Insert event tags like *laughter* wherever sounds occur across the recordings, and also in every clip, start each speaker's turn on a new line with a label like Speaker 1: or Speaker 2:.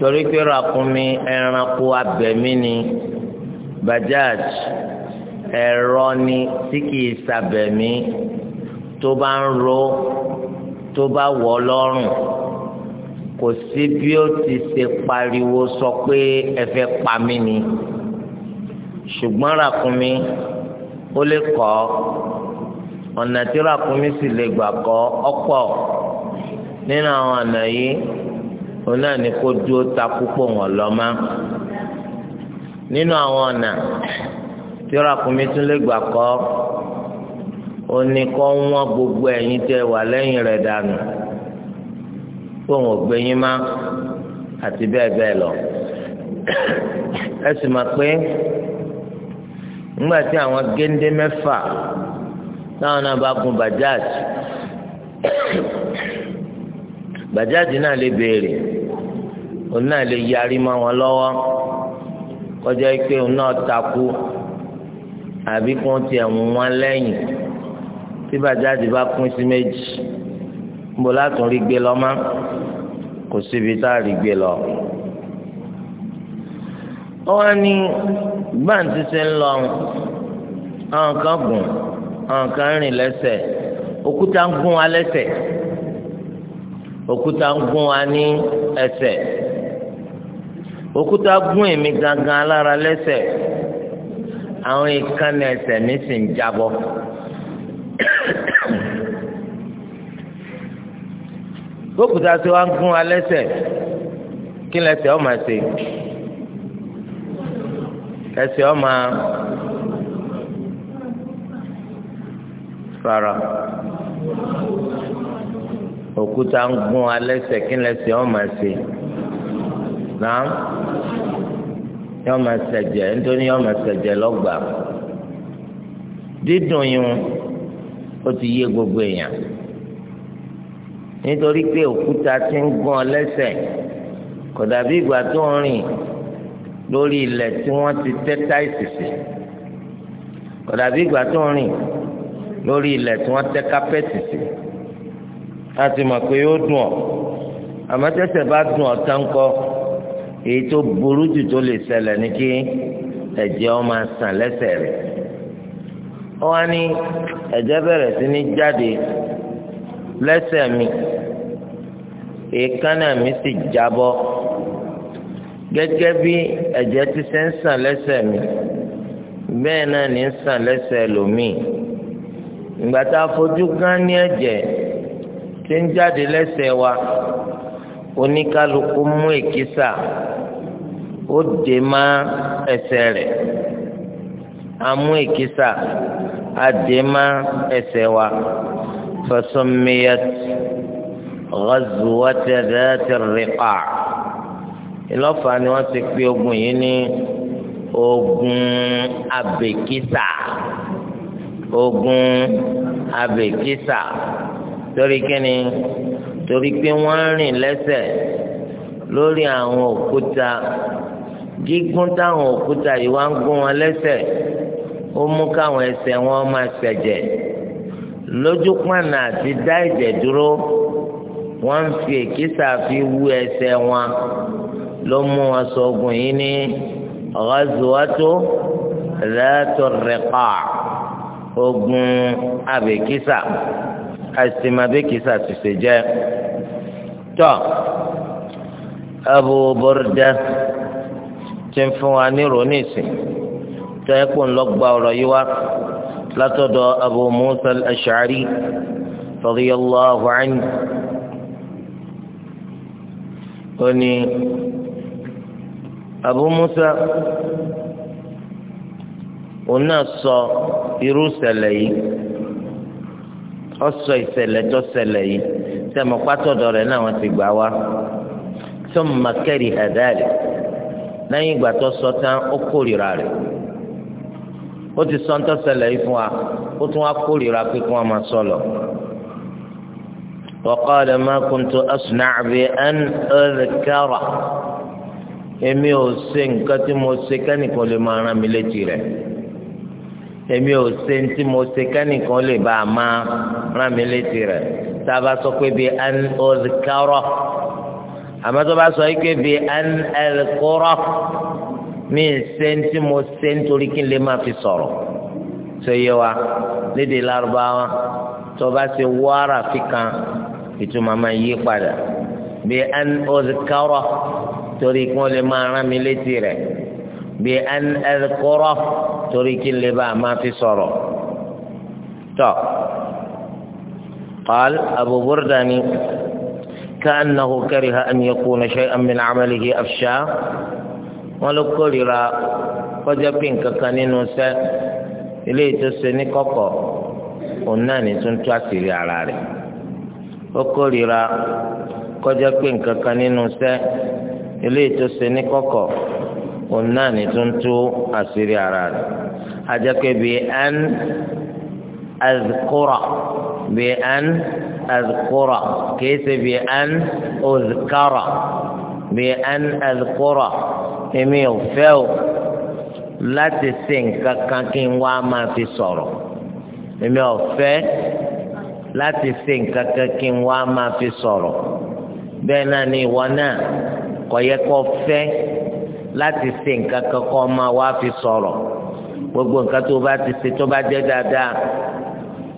Speaker 1: torí pé ràkúnmí ẹranko abẹ̀mí ni bajaj ẹ̀rọ ni tí kìí ṣàbẹ̀mí tó bá ń ro tó bá wọ̀ lọ́rùn kò sí bí ó ti ṣe pariwo sọ pé ẹ fẹ́ pa mí ni ṣùgbọ́n ràkúnmí ó lè kọ́ ọ̀nà tí ràkúnmí sì lè gbà kọ́ ọ̀pọ̀ nínú àwọn ọ̀nà yìí òun náà ní kó dúró ta púpọ̀ wọn lọ́mọ nínú àwọn ọ̀nà tí ràkúnmí tún lè gbà kọ́ ó ní kó wọ́n gbogbo ẹ̀yin tẹ wà lẹ́yìn rẹ̀ dànù kó wọn ò gbé yín má àti bẹ́ẹ̀ bẹ́ẹ̀ lọ ẹ sì mọ̀ pé nígbà tí àwọn géńdé mẹ́fà táwọn náà bá gun bajaj gbàjáde náà lè béèrè òun náà lè yarí mọ́ wọn lọ́wọ́ kọjá pé òun náà takú àbí kí wọ́n tiẹ̀ mú wọn lẹ́yìn tí gbàjáde bá kún sí méjì níbo látún rí gbé lọ mọ́ kò síbi tá a rí gbé lọ. wọ́n ní gbàǹtí ṣe ń lọ àwọn kan gùn àwọn kan rìn lẹ́sẹ̀ òkúta ń gún wa lẹ́sẹ̀ òkúta ń gún wa ní ẹsẹ̀ òkúta gún èmi gangan lára lẹ́sẹ̀ àwọn ìkànnì ẹsẹ̀ mi sì ń jábọ́. gbókùtà tí wọ́n gún wa lẹ́sẹ̀ kí lẹ́sẹ̀ ọ máa ṣe ẹsẹ̀ ọ máa fara òkúta ń gún alẹ́ sẹ́kínlẹ́sẹ̀ ọ́ máa ṣe náà yọ máa ṣẹ̀jẹ̀ nítorí yọ máa ṣẹ̀jẹ̀ lọ́gbà dídùn yìí ó ti yé gbogbo èèyàn nítorí pé òkúta ti ń gún ọ lẹ́sẹ̀ kò dàbí ìgbà tó ń rìn lórí ilẹ̀ tí wọ́n ti tẹ́ táìsì kò dàbí ìgbà tó ń rìn lórí ilẹ̀ tí wọ́n tẹ́ kápẹ́tì láti mọ̀ pé yóò dùn ọ́ àmọ́ tẹ́sẹ̀ bá dùn ọ́ táǹkọ́ èyí tó burú jù tó lè ṣẹlẹ̀ ní kí ẹ̀jẹ̀ ọ máa sàn lẹ́sẹ̀ rẹ̀ ó wá ní ẹ̀jẹ̀ bẹ̀rẹ̀ sí ní jáde lẹ́sẹ̀ mi èékánná mi sì jábọ́ gẹ́gẹ́ bí ẹ̀jẹ̀ ti ṣe ń sàn lẹ́sẹ̀ mi bẹ́ẹ̀ náà ní ń sàn lẹ́sẹ̀ lòmíì ìgbà tá a fojú gán ní ẹ̀jẹ̀ tí ń jáde lẹ́sẹ̀ wa oníkálukú mú èkísà ó dè má ẹsẹ̀ rẹ̀ amú èkísà á dè má ẹsẹ̀ wa fasumiyat ghazwat dhat ar-riqa' ìlọ́fà ni wọ́n ti pè ogun yìí ní ogun abèkísà ogun abèkísà torí kíni torí pé wọ́n rìn lẹ́sẹ̀ lórí àwọn òkúta gígùn táwọn òkúta yìí wá ń gún wọn lẹ́sẹ̀ ó mú káwọn ẹsẹ̀ wọn máa ṣẹ̀jẹ̀ lójú pàànà àti dá ẹ̀jẹ̀ dúró wọ́n ń fi èkìsà fi wú ẹsẹ̀ wọn ló mú wọn sọ yìí ní ọ̀gázuwátó rẹ́tọ̀rẹ́pà ogun abèkìsà àìsìmàbíkì sàtìsè jẹ tọ Abu Burda ti ń fún wa ní ronisi tẹ ẹ kó ń lọ gba ọ̀rọ̀ yìí wá látọ̀dọ̀ Abu Musa ashari radiyallahu anhu ó ní Abu Musa òun náà sọ irú ṣẹlẹ̀ yìí ọsọ ìṣẹ̀lẹ̀ tó ṣẹlẹ̀ yìí sẹmọ pátọdọ rẹ náà wọ́n ti gbà wá thumma kariha dhalik lẹ́yìn ìgbà tó sọ tán ó kórìíra rẹ̀ ó ti sọ tó ṣẹlẹ̀ yìí fún wa ó tún wá kórìíra pé kí wọ́n máa sọ lọ. wa qala ma kuntu asna'u bi an adhkara èmi ò ṣe nǹkan tí mo ṣe kẹ́nìkan èmi ò ṣe ní tí mo ṣe kẹ́nìkan lè bá a máa rán mi létí rẹ̀ tá a sọ pé bíi an ọ̀dùkárọ̀ àmọ́ tó bá sọ pé bíi an ẹ̀lkọ́rọ̀ mi ì ṣe mo ṣe nítorí kí n lè máa fi sọ̀rọ̀ ṣe yé wa lédè lárúbáwá tó bá ṣe wọ́ọ́rà fi kan ìtumọ̀ máa yí padà bíi an ọ̀dùkárọ̀ torí kí wọ́n lè máa rán mi létí rẹ̀. bí an ẹdkọrọ torí kí n lè bá a máa fi sọ̀rọ̀ tọ قال أبو برداني كأنه كره أن يكون شيئا من عمله أفشا ولو كره فجبين ككنين سا إليه تسني كوكو وناني تنتو أسيري على ري وكره فجبين ككنين سا إليه تسني كوكو òun náà ní tuntun àṣírí ara rẹ̀ ajẹ́pẹ́ bí ẹn azkura bí ẹn azkura kìí ṣe bí ẹn ozkara bí ẹn azkura èmi ò fẹ́ o láti ṣe nǹkan kan kí n wá máa fi sọ̀rọ̀ èmi ò fẹ́ láti ṣe nǹkan kí n wá máa fi sọ̀rọ̀ bẹ́ẹ̀ náà ni ìwọ náà kò yẹ kó fẹ́ láti ṣe nǹkan kan kọ́ ọmọ wa fi sọ̀rọ̀ gbogbo nǹkan tó bá ti ṣe tó bá jẹ́ dáadáa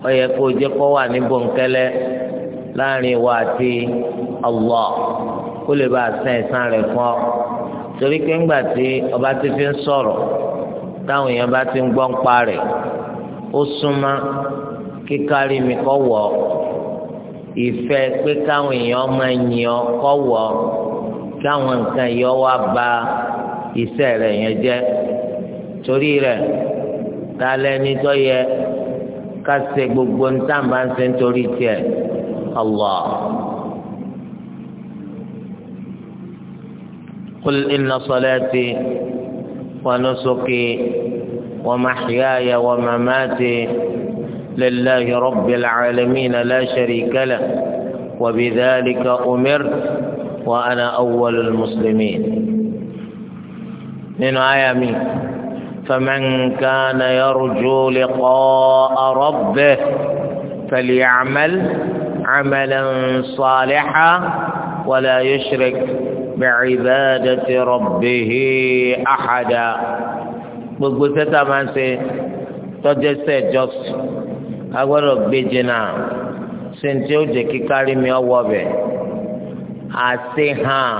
Speaker 1: ó yẹ kó o jẹ́ kó wà ní bòńkẹ́lẹ́ láàrin wa àti Allah kó lè bá a sàn ẹ̀sán rẹ̀ fún ọ torí pé ńgbà tí ọba ti fi ń sọ̀rọ̀ táwọn èèyàn bá ti ń gbọ́ ń pa rẹ̀ ó súnmọ́ kíkárí mi kọ́ wọ̀ ọ́ ìfẹ́ pé káwọn èèyàn máa yìn ọ́ kọ́ wọ̀ ọ́ káwọn nǹkan yìí ọ wá ba iṣẹ́ rẹ̀ yẹn jẹ́ torí rẹ̀ ta lẹ́ni tó yẹ ká gbogbo nǹkan bá ń ṣe tiẹ̀ Allah. قل إن صلاتي ونسكي ومحياي ومماتي لله رب العالمين لا شريك له وبذلك أمرت وأنا أول المسلمين nínú àyà mi faman kana yarju liqa'a rabbih falya'mal 'amalan salihan wala yushrik bi'ibadati rabbih ahada gbogbo sẹ́tà máa ń ṣe tọ́jú sẹ́ẹ̀ jọ́sìn agbọ́dọ̀ gbé jìnnà sèǹtì ó jẹ́ kíkárí mi ọwọ́ bẹ̀ àti hàn.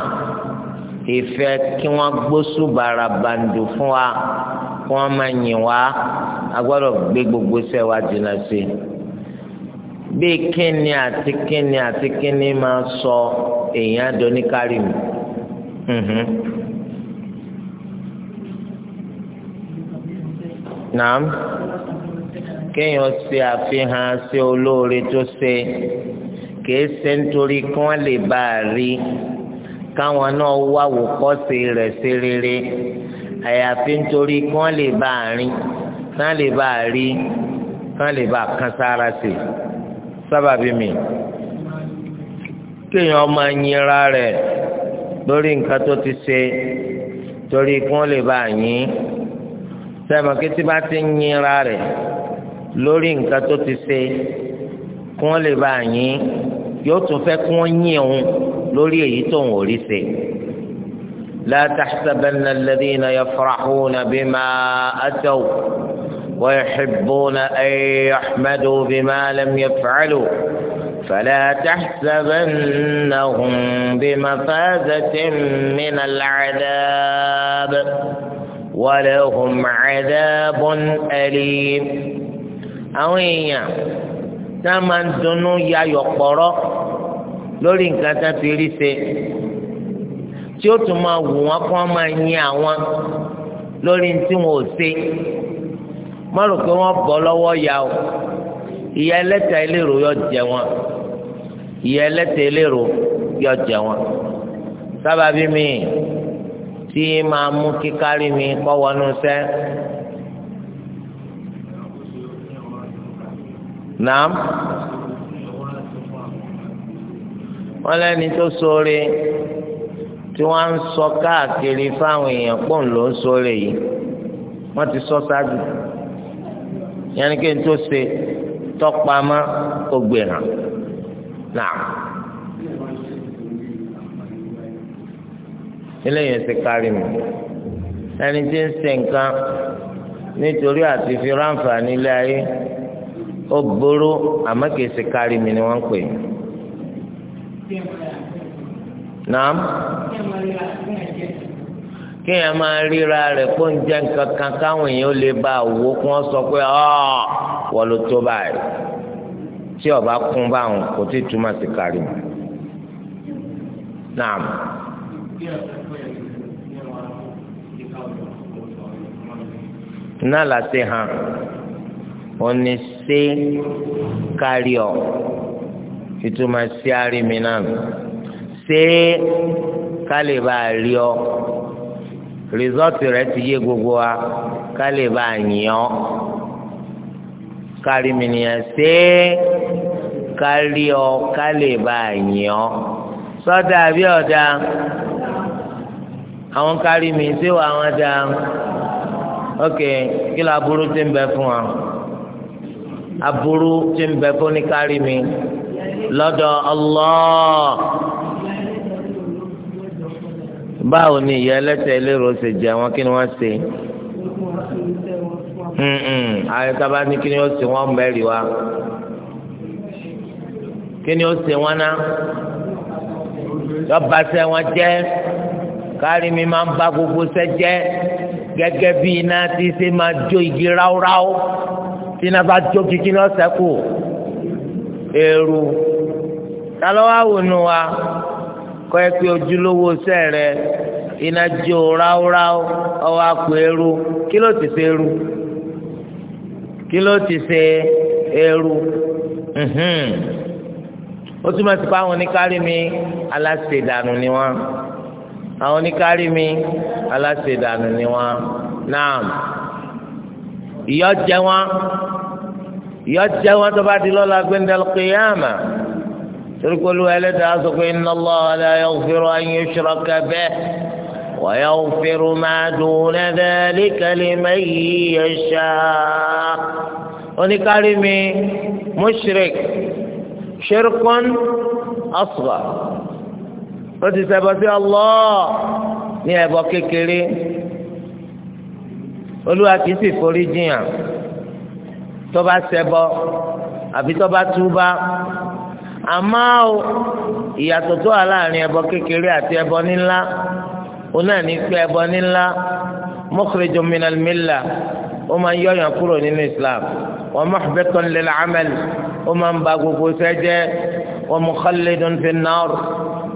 Speaker 1: ìfẹ́ kí wọ́n gbósù bàrà bàǹdù fún wa kí wọ́n máa yìn wá a gbọ́dọ̀ gbé gbogbo iṣẹ́ wa jìnnà sí i. bí kíni àti kíni àti kíni máa sọ èèyàn doníkárì mi. nàám mhm. kéèyàn ṣe àfihàn sí olóore tó ṣe kìí ṣe nítorí kí wọ́n lè bá a rí i káwọn náà wá wòkọ́sí rẹ̀ sí rere àyàfi nítorí kí wọ́n lè bá a rìn kí wọ́n lè bá a rí kí lè bá a kan sára sí sábàbí mi kéèyàn máa yinra rẹ̀ lórí nǹkan tó ti ṣe torí kí wọ́n lè bá a yìn sẹ́mi kí tí bá ti ń yinra rẹ̀ lórí nǹkan tó ti ṣe kí lè bá a yìn yóò tún fẹ́ kí wọ́n òun. lórí èyí tó ń orí ṣe. لا تحسبن الذين يفرحون بما أتوا ويحبون أن يحمدوا بما لم يفعلوا فلا تحسبنهم بمفازة من العذاب ولهم عذاب أليم أويا تمن دنو يا يقرأ lórí nǹkan tá a fi rí ṣe tí ó tún máa wù wọn kó máa yin àwọn lórí tí wọn ò ṣe má rò pé wọn bọ́ lọ́wọ́ ya o ìyà ẹlẹ́ta eléro yọ jẹ wọn ìyà ẹlẹ́ta eléro yọ jẹ wọn sábàbí mi tí máa mú kíkárí mi kọ́ wọnú sẹ́ nàám. wọn lẹ́ni tó sóore tí wọ́n ń sọ káàkiri fáwọn èèyàn pọ̀ ń lò ń sóore yìí wọ́n ti sọ ṣáájú yẹn kí n tó ṣe tọ́pamọ́ ògbè hàn náà. eléyìí ẹsẹ̀ kárí mi ẹni tí ń ṣe nǹkan nítorí àti fi ráǹfààní ilé ni wọ́n ń naam kéèyàn máa ríra rẹ̀ kó ń jẹ́ nǹkan kan káwọn èèyàn lè bá wò kó wọ́n sọ pé ọ́ wọ́n ló tó báyìí tí ọba kún báwọn kò tí ì túmọ̀ sí kárí mi naam. náà láti hàn ó ní ṣé kárí ọ ìtumọ̀ sí àrími náà ṣé ká lè bá a rí ọ rìsọ́ọ̀tì rẹ ti yé gbogbo wa ká lè bá a yàn ọ kárìmì nìyẹn ṣé kárí ọ ká lè bá a yàn ọ sọ́dà àbí ọ̀dà àwọn kárìmì ṣé wà wọ́n dá ok kí ló aburú ti ń bẹ fún wa aburú ti ń bẹ fún ní kárìmì lọ́dọ̀ Allah báwo ni ìyá ẹlẹ́sẹ̀ eléro ṣe jẹ wọn kí ni wọ́n ṣe ayé sábà ní kí ni ó ṣe wọ́n mẹ́rin wa kí ni ó ṣe wọ́n ná lọ́ba ṣe wọ́n jẹ́ kárí mi máa ń bá gbogbo ṣẹ́ jẹ́ gẹ́gẹ́ bí iná tí ṣe máa jó igi ráúráú tí iná bá jó kíkí ní ọ̀sẹ̀ kù. Eru talọ́wọ́ àwòrán wa kọ́ ẹ pé ojúlówó sẹrẹ rẹ iná jó ráúráú ọwọ́ àpò èrú kí ló ti ṣe eru? kí ló ti ṣe O ó túmọ̀ ti pa àwọn oníkárí mi aláṣẹ̀dànù ni wọ́n àwọn oníkárí mi aláṣẹ̀dànù ni wọn? náà ìyọ́ jẹ wọn yọ jẹ wọn tó bá di lọ́la gbẹndẹl kìyàmà turukulu ẹlẹ́dàá sọ pé inna Allaha la yaghfiru an yushraka bihi wa yaghfiru ma duna dhalika liman yasha oníkárí mi mushrik shirkun asghar ó ti ṣẹbọ sí Allah ní ẹbọ kékeré olúwa kìí sì forí jiyàn tó bá ṣẹbọ àbí tó bá túbá àmọ́ o ìyàtọ̀ tó wà láàrin ẹbọ kékeré àti ẹbọ níńlá òun náà ní pé ẹbọ níńlá mukhrijun minal millah ó máa ń yọyàn kúrò nínú islam wa muhbitun lil amal ó máa ń ba gbogbo sẹ́jẹ́ wa mukhallidun fin nar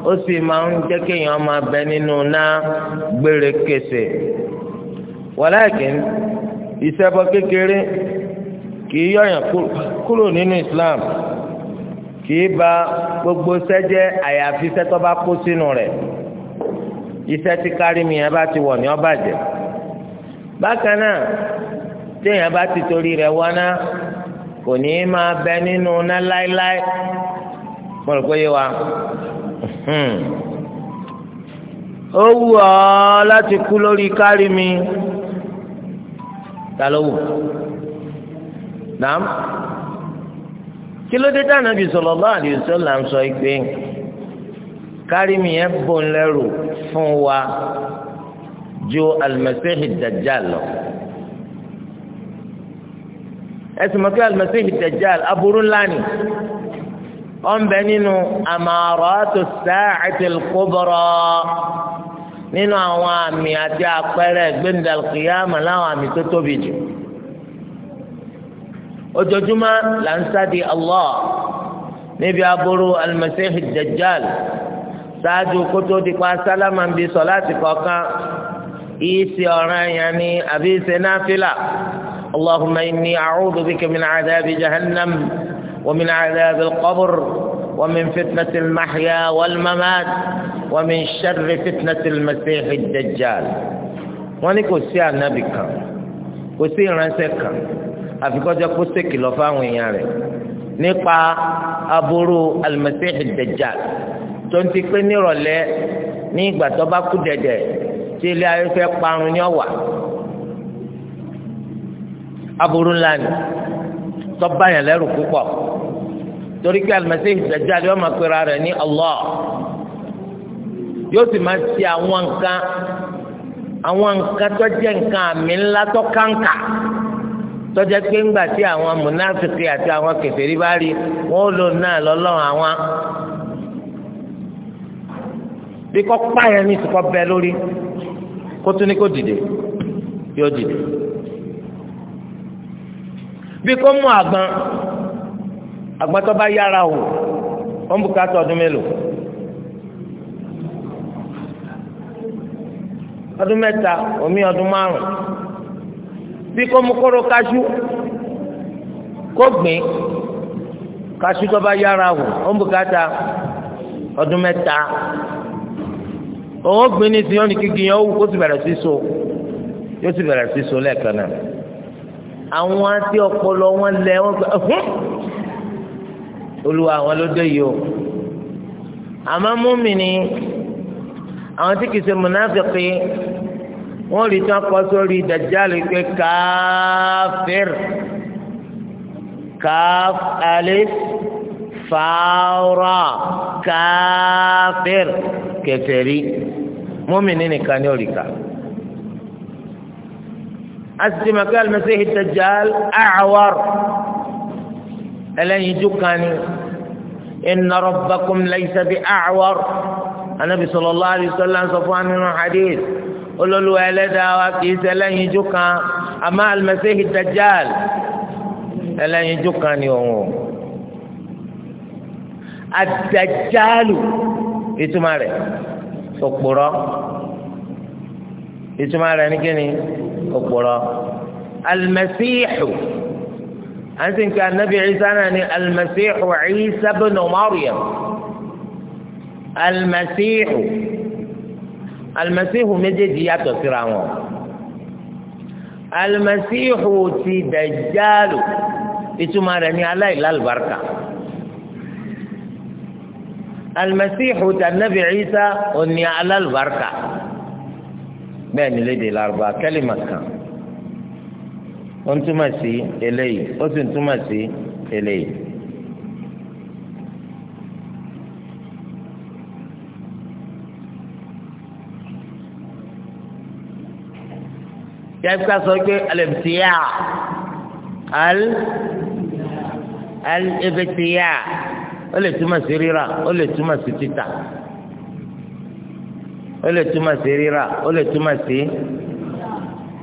Speaker 1: ó sì máa ń jẹ́ kéèyàn máa bẹ nínú náà gbére kése walakin ìṣẹbọ kékeré kì í yọ̀yàn kúrò nínú islam kì ba gbogbo sẹ́jẹ́ àyàfi sẹ́tọ́ bá kó sínú rẹ̀ iṣẹ́ tí kárí mi yẹn bá ti wọ̀ ní ọba jẹ́ bákan náà téèyàn bá ti torí rẹ̀ wọná kò ní í máa bẹ nínú ná láéláé mo rò pé yé wa hmm. ó wù ọ́ láti kú lórí kárí mi ta ló wù nàám kí ló dé tí Ànábì sallallahu alaihi wasallam sọ pé kárìmì yẹn bò ń lẹ́rù fún wa ju alimẹsẹ́hì dajjal lọ ẹsìn mọ́kí alimẹsẹ́hì dajjal aburú ńlá ni ọ̀nbẹ nínú amaratu sa'ati al-kubra nínú àwọn àmì àti àpẹẹrẹ gbẹ̀ndàlùkìyàmà láwọn àmì tó tóbi ojoojúmọ́ là ń sáde allah níbi aburú alimẹsẹ́hì dajjal ṣáájú kótó dípa sálámà ń bi sọ láti kọ̀ọ̀kan ìsì ọ̀ràn yẹn ni àbí ìsì náfìlà allahumma inni a'udhu bika min adhabi jahannam wa min adhabi alqabr wa min fitnati almahya walmamat wa min sharri fitnati almasihi dajjal wọ́n ní kò sí ànábì kan kò sí ìránṣẹ́ kan. àfikọ́jọ́ kó ṣèkì lọ fáwọn èèyàn rẹ̀ nípa aburú alimẹsíhì dẹjà tó ń ti pé nírọ̀lẹ́ ní ìgbà tó bá kú dẹ̀dẹ̀ tí ilé ayé fẹ́ parun ní ọ̀wà aburú ńlá ni tó bá yàn lẹ́rù púpọ̀ torí pé alimẹsíhì dẹjà yóò máa pera rẹ̀ ní Allah yóò sì máa ṣe àwọn nǹkan àwọn nǹkan tó jẹ́ nǹkan àmì ńlá tó kàǹkà. tọ́jà pé ńgbà tí àwọn mùnáfíkì àti àwọn kèfèrí bá rí wọn ó lò náà lọ́lọ́run àwọn bí kò pààyàn ní ìsìnkọ́ bẹ lórí kó tún ní kó dìde yóò dìde bí kò mú àgbọn àgbọn tó bá yára wò ó ń bùkátà ọdún mélòó ọdún mẹ́ta omi ọdún márùn-ún. bí kò mú kóró kaṣú kó gbìn kaṣú tó bá yára wò ó ń bùkátà ọdún mẹ́ta òun gbìn ní ti yọ́nì kíkì yẹn ó wù kó sì bẹ̀rẹ̀ sí so yóò sì bẹ̀rẹ̀ sí so lẹ́ẹ̀kan náà àwọn àti ọpọlọ wọn lẹ wọn gbà hùn olùwà àwọn ló dé yìí o àmọ́ múmi ni àwọn tí kìí ṣe múnáfíkì wọ́n rí tán kọ́ sórí dàjálù pé káfíìr káf alif fàárà káfíìr kèfèrí mùmínì nìkan ní òrìkà. أسلم قال المسيح الدجال أعور ألن يجكني إن ربكم ليس بأعور النبي صلى الله عليه وسلم صفوان من حديث ololu ẹlẹ́dàá wa kì í ṣẹlẹ́yin jú kan àmọ́ alimẹ́sẹ́hì dajjal ẹlẹ́yin jú kan ni òun o adajjalu ìtumọ̀ rẹ̀ òpòrọ̀ ìtumà rẹ̀ ní kíni òpòrọ̀ alimẹ́sẹ́hù à ń sìn kí anabi Isa náà ni alimẹ́sẹ́hù Isa bẹ́ẹ̀ nà ọmọ àrùyẹ̀ alimẹ́sẹ́hù. alimasihu méjèèjì yàtọ̀ síra wọn alimasihu ti dajaalu ìtumọ̀ rẹ̀ ní aláìlálùbáríkà alimasihu ta nabi isa òní alálùbáríkà bẹ́ẹ̀ ni lédè larubá kẹ́límà kan ó ń túmọ̀ sí eléyìí ó sì ń túmọ̀ sí eléyìí. yàtí ká sọ pé alẹ́bìtìyà al alẹ́bìtìyà ó lè túmọ̀ sí rírà ó lè túmọ̀ sí títà ó lè túmọ̀ sí rírà ó lè túmọ̀ sí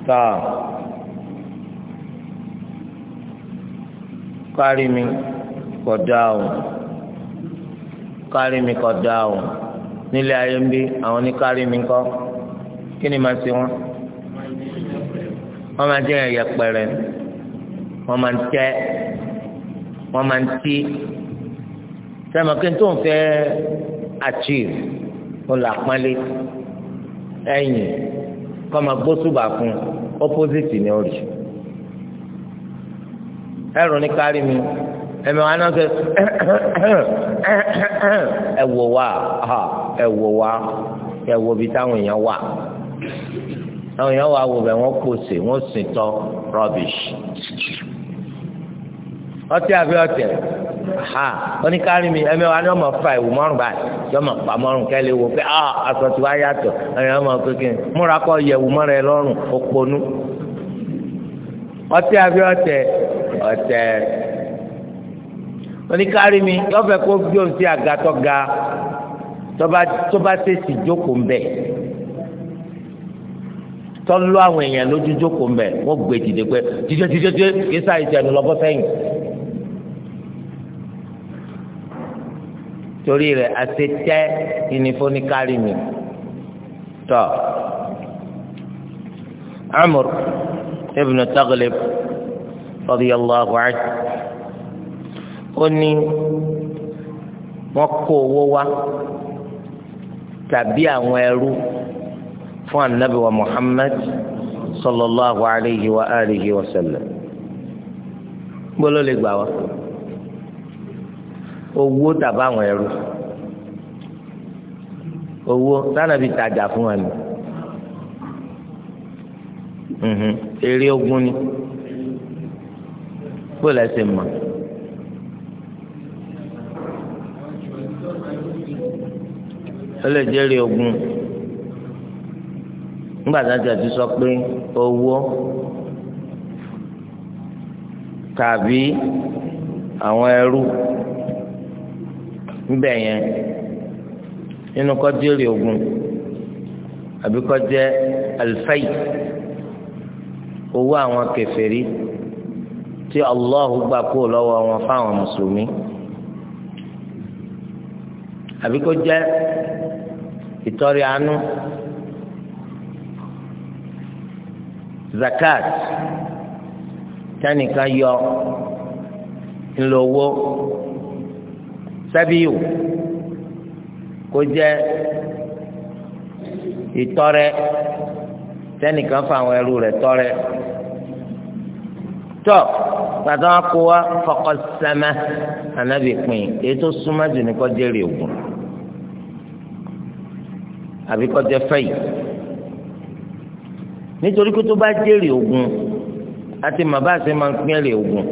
Speaker 1: tà kárí mi kọ̀ dá o kárí mi kọ̀ dá nílé ayé ń bí àwọn oníkárí mi kọ́ kí ni màá ṣe wọn wọ́n máa jẹ́ yẹpẹrẹ wọ́n máa ń tẹ́ wọ́n máa ń tí sẹ́mi kí n tó ń fẹ́ achieve ó là pọ́nlé ẹ̀yìn kọ́ máa gbósùbà fún opposite ni ó rí ẹrù ní kárí mi ẹ̀mí wa náà sọ *coughs* ẹ wò wá ẹ wò wá ẹ wò bí táwọn èèyàn wà. àwọn èèyàn wà wò wọn pòsè wọn sì tọ ọtí àbí ọtẹ ha oníkárìmí ẹmẹ wa ni ọmọ fa ìwò mọrùn báyìí yọmọ pa kẹlẹ wo pé ah aṣọ tí wàá ẹyìn ọmọ kékeré múra kọ yẹ̀wò mọrẹ lọ́rùn òponú ọtí àbí ọtẹ ọtẹ oníkárìmí yọfẹ kó gbóhùn sí tọ́lú àwọn èèyàn lójú jókòó ń bẹ̀ wọ́n gbé dìde pé jíjẹ́ jíjẹ́ jíjẹ́ kí sáà ìjẹun lọ́bọ́ sẹ́yìn. torí rẹ̀ àti tẹ́ ìnífóní kárí mi tọ́ Amr ibn Taghlib radiyallahu anhu ó ní wọ́n kó owó wá tàbí àwọn ẹrú fún anabi wa muhammad sallallahu alayhi wa alihi wa sallam gbọ́dọ̀ lè gbà wá owó tàbá àwọn ẹrú owó tánàbí tajà fún wa ni èrè mhm. ogun ni gbọ́dọ̀ ẹsẹ̀ mọ̀.
Speaker 2: ó lè jẹ́rìí
Speaker 1: nígbà tí ti sọ pé owó tàbí àwọn ẹrú níbẹ̀ yẹn nínú kọ́jẹ́rì ogun àbí kọ́jẹ́ alifai owó àwọn kèfèrí tí Allahu gbà kúrò lọ́wọ́ wọn fáwọn mùsùlùmí àbí kọ́jẹ́ ìtọ́rẹ àánú. zakat tánìkan yọ ńlọwọ sẹbíù kó jẹ ìtọrẹ tánìkan fa àwọn ẹrú rẹ̀ tọrẹ tọ pàtó wọn kó wa fọkọ sẹmẹ anabi pin ètò súnmọ́ jù ní kọjá rè ogun àbí kọjá fẹyìí nítorí pé tó bá jèrè ogun àti màbá àti máa ń pín èrè ogun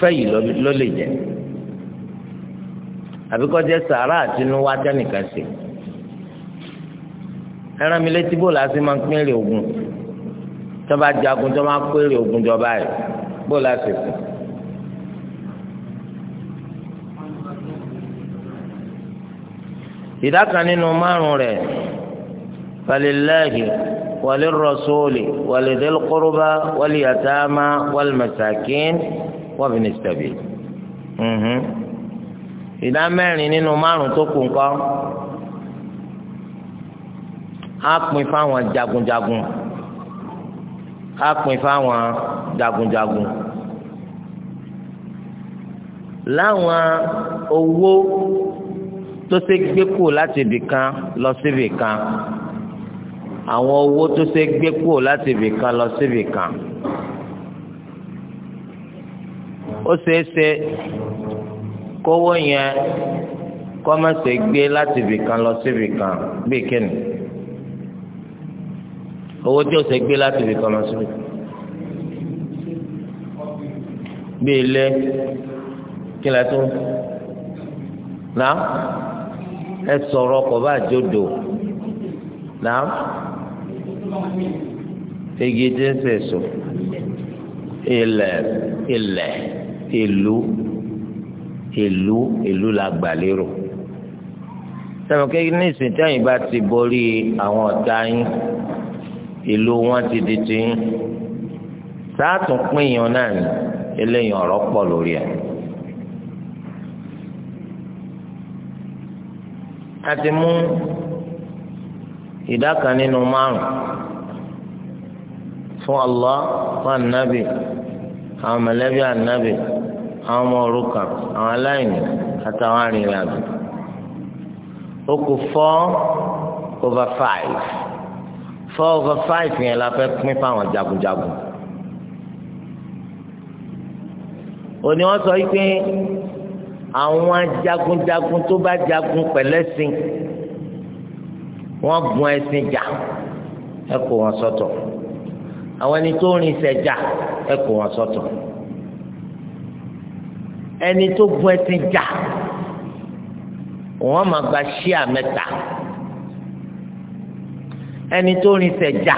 Speaker 1: fẹ́yì ló lè jẹ àbíkọ́jẹ́ sàárà àtinúwá tẹ́nìkan sí ẹran mi létí bó la sí máa ń pín èrè ogun tó bá jagun tó máa pín èrè ogun jọba rẹ bó la kù. ìdá kan nínú márùn rẹ̀ falẹ̀ lẹ́yìn. وللرسول ولذي القربى واليتامى والمساكين وابن السبيل ìdá mẹ́rin nínú márùn tó kù ńkọ́ á pín fáwọn jagunjagun á pín fáwọn jagunjagun láwọn owó tó ṣe gbé kù láti ibì kan lọ síbì kan àwọn owó tó ṣe gbé kúrò láti ibì kan lọ sí ibì kan ó ṣeé ṣe kówó yẹn kọ́mọ̀sẹ̀ gbé láti ibì kan lọ sí ibì kan bí kíni owó tí ó ṣe gbé láti ibì kan lọ sí ibì kan bí ilé kí lè tó náà ẹ sọ̀rọ̀ kò bá jòdò náà igi tí ń sèso ilẹ̀ ilẹ̀ ìlú ìlú ìlú la gbà lérò sẹ́wọ̀n kí ní ìsìn tẹ́yìn bá ti borí àwọn ọ̀tá yín ìlú wọn ti di tiyín sáàtún pín yan náà ni eléyìí ọ̀rọ̀ pọ̀ lórí ẹ̀. a mú ìdá kan nínú márùn fún Allah fún anabi àwọn mọ̀lẹ́bí anabi àwọn ọmọ òrukàn àwọn aláìní àtàwọn arìnrìnàjò ó kù four over five four over five yẹn la fẹ́ pín fáwọn jagunjagun òní wọ́n sọ yìí pé àwọn jagunjagun tó bá jagun pẹ̀lẹ́sìn wọ́n gun ẹṣin jà ẹ kó wọn sọ́tọ̀ àwọn ẹni tó rìn sẹjà ẹ kó wọn sọ́tọ̀ ẹni tó gun ẹṣin jà wọ́n máa gba ṣíà mẹ́ta ẹni tó rìn sẹjà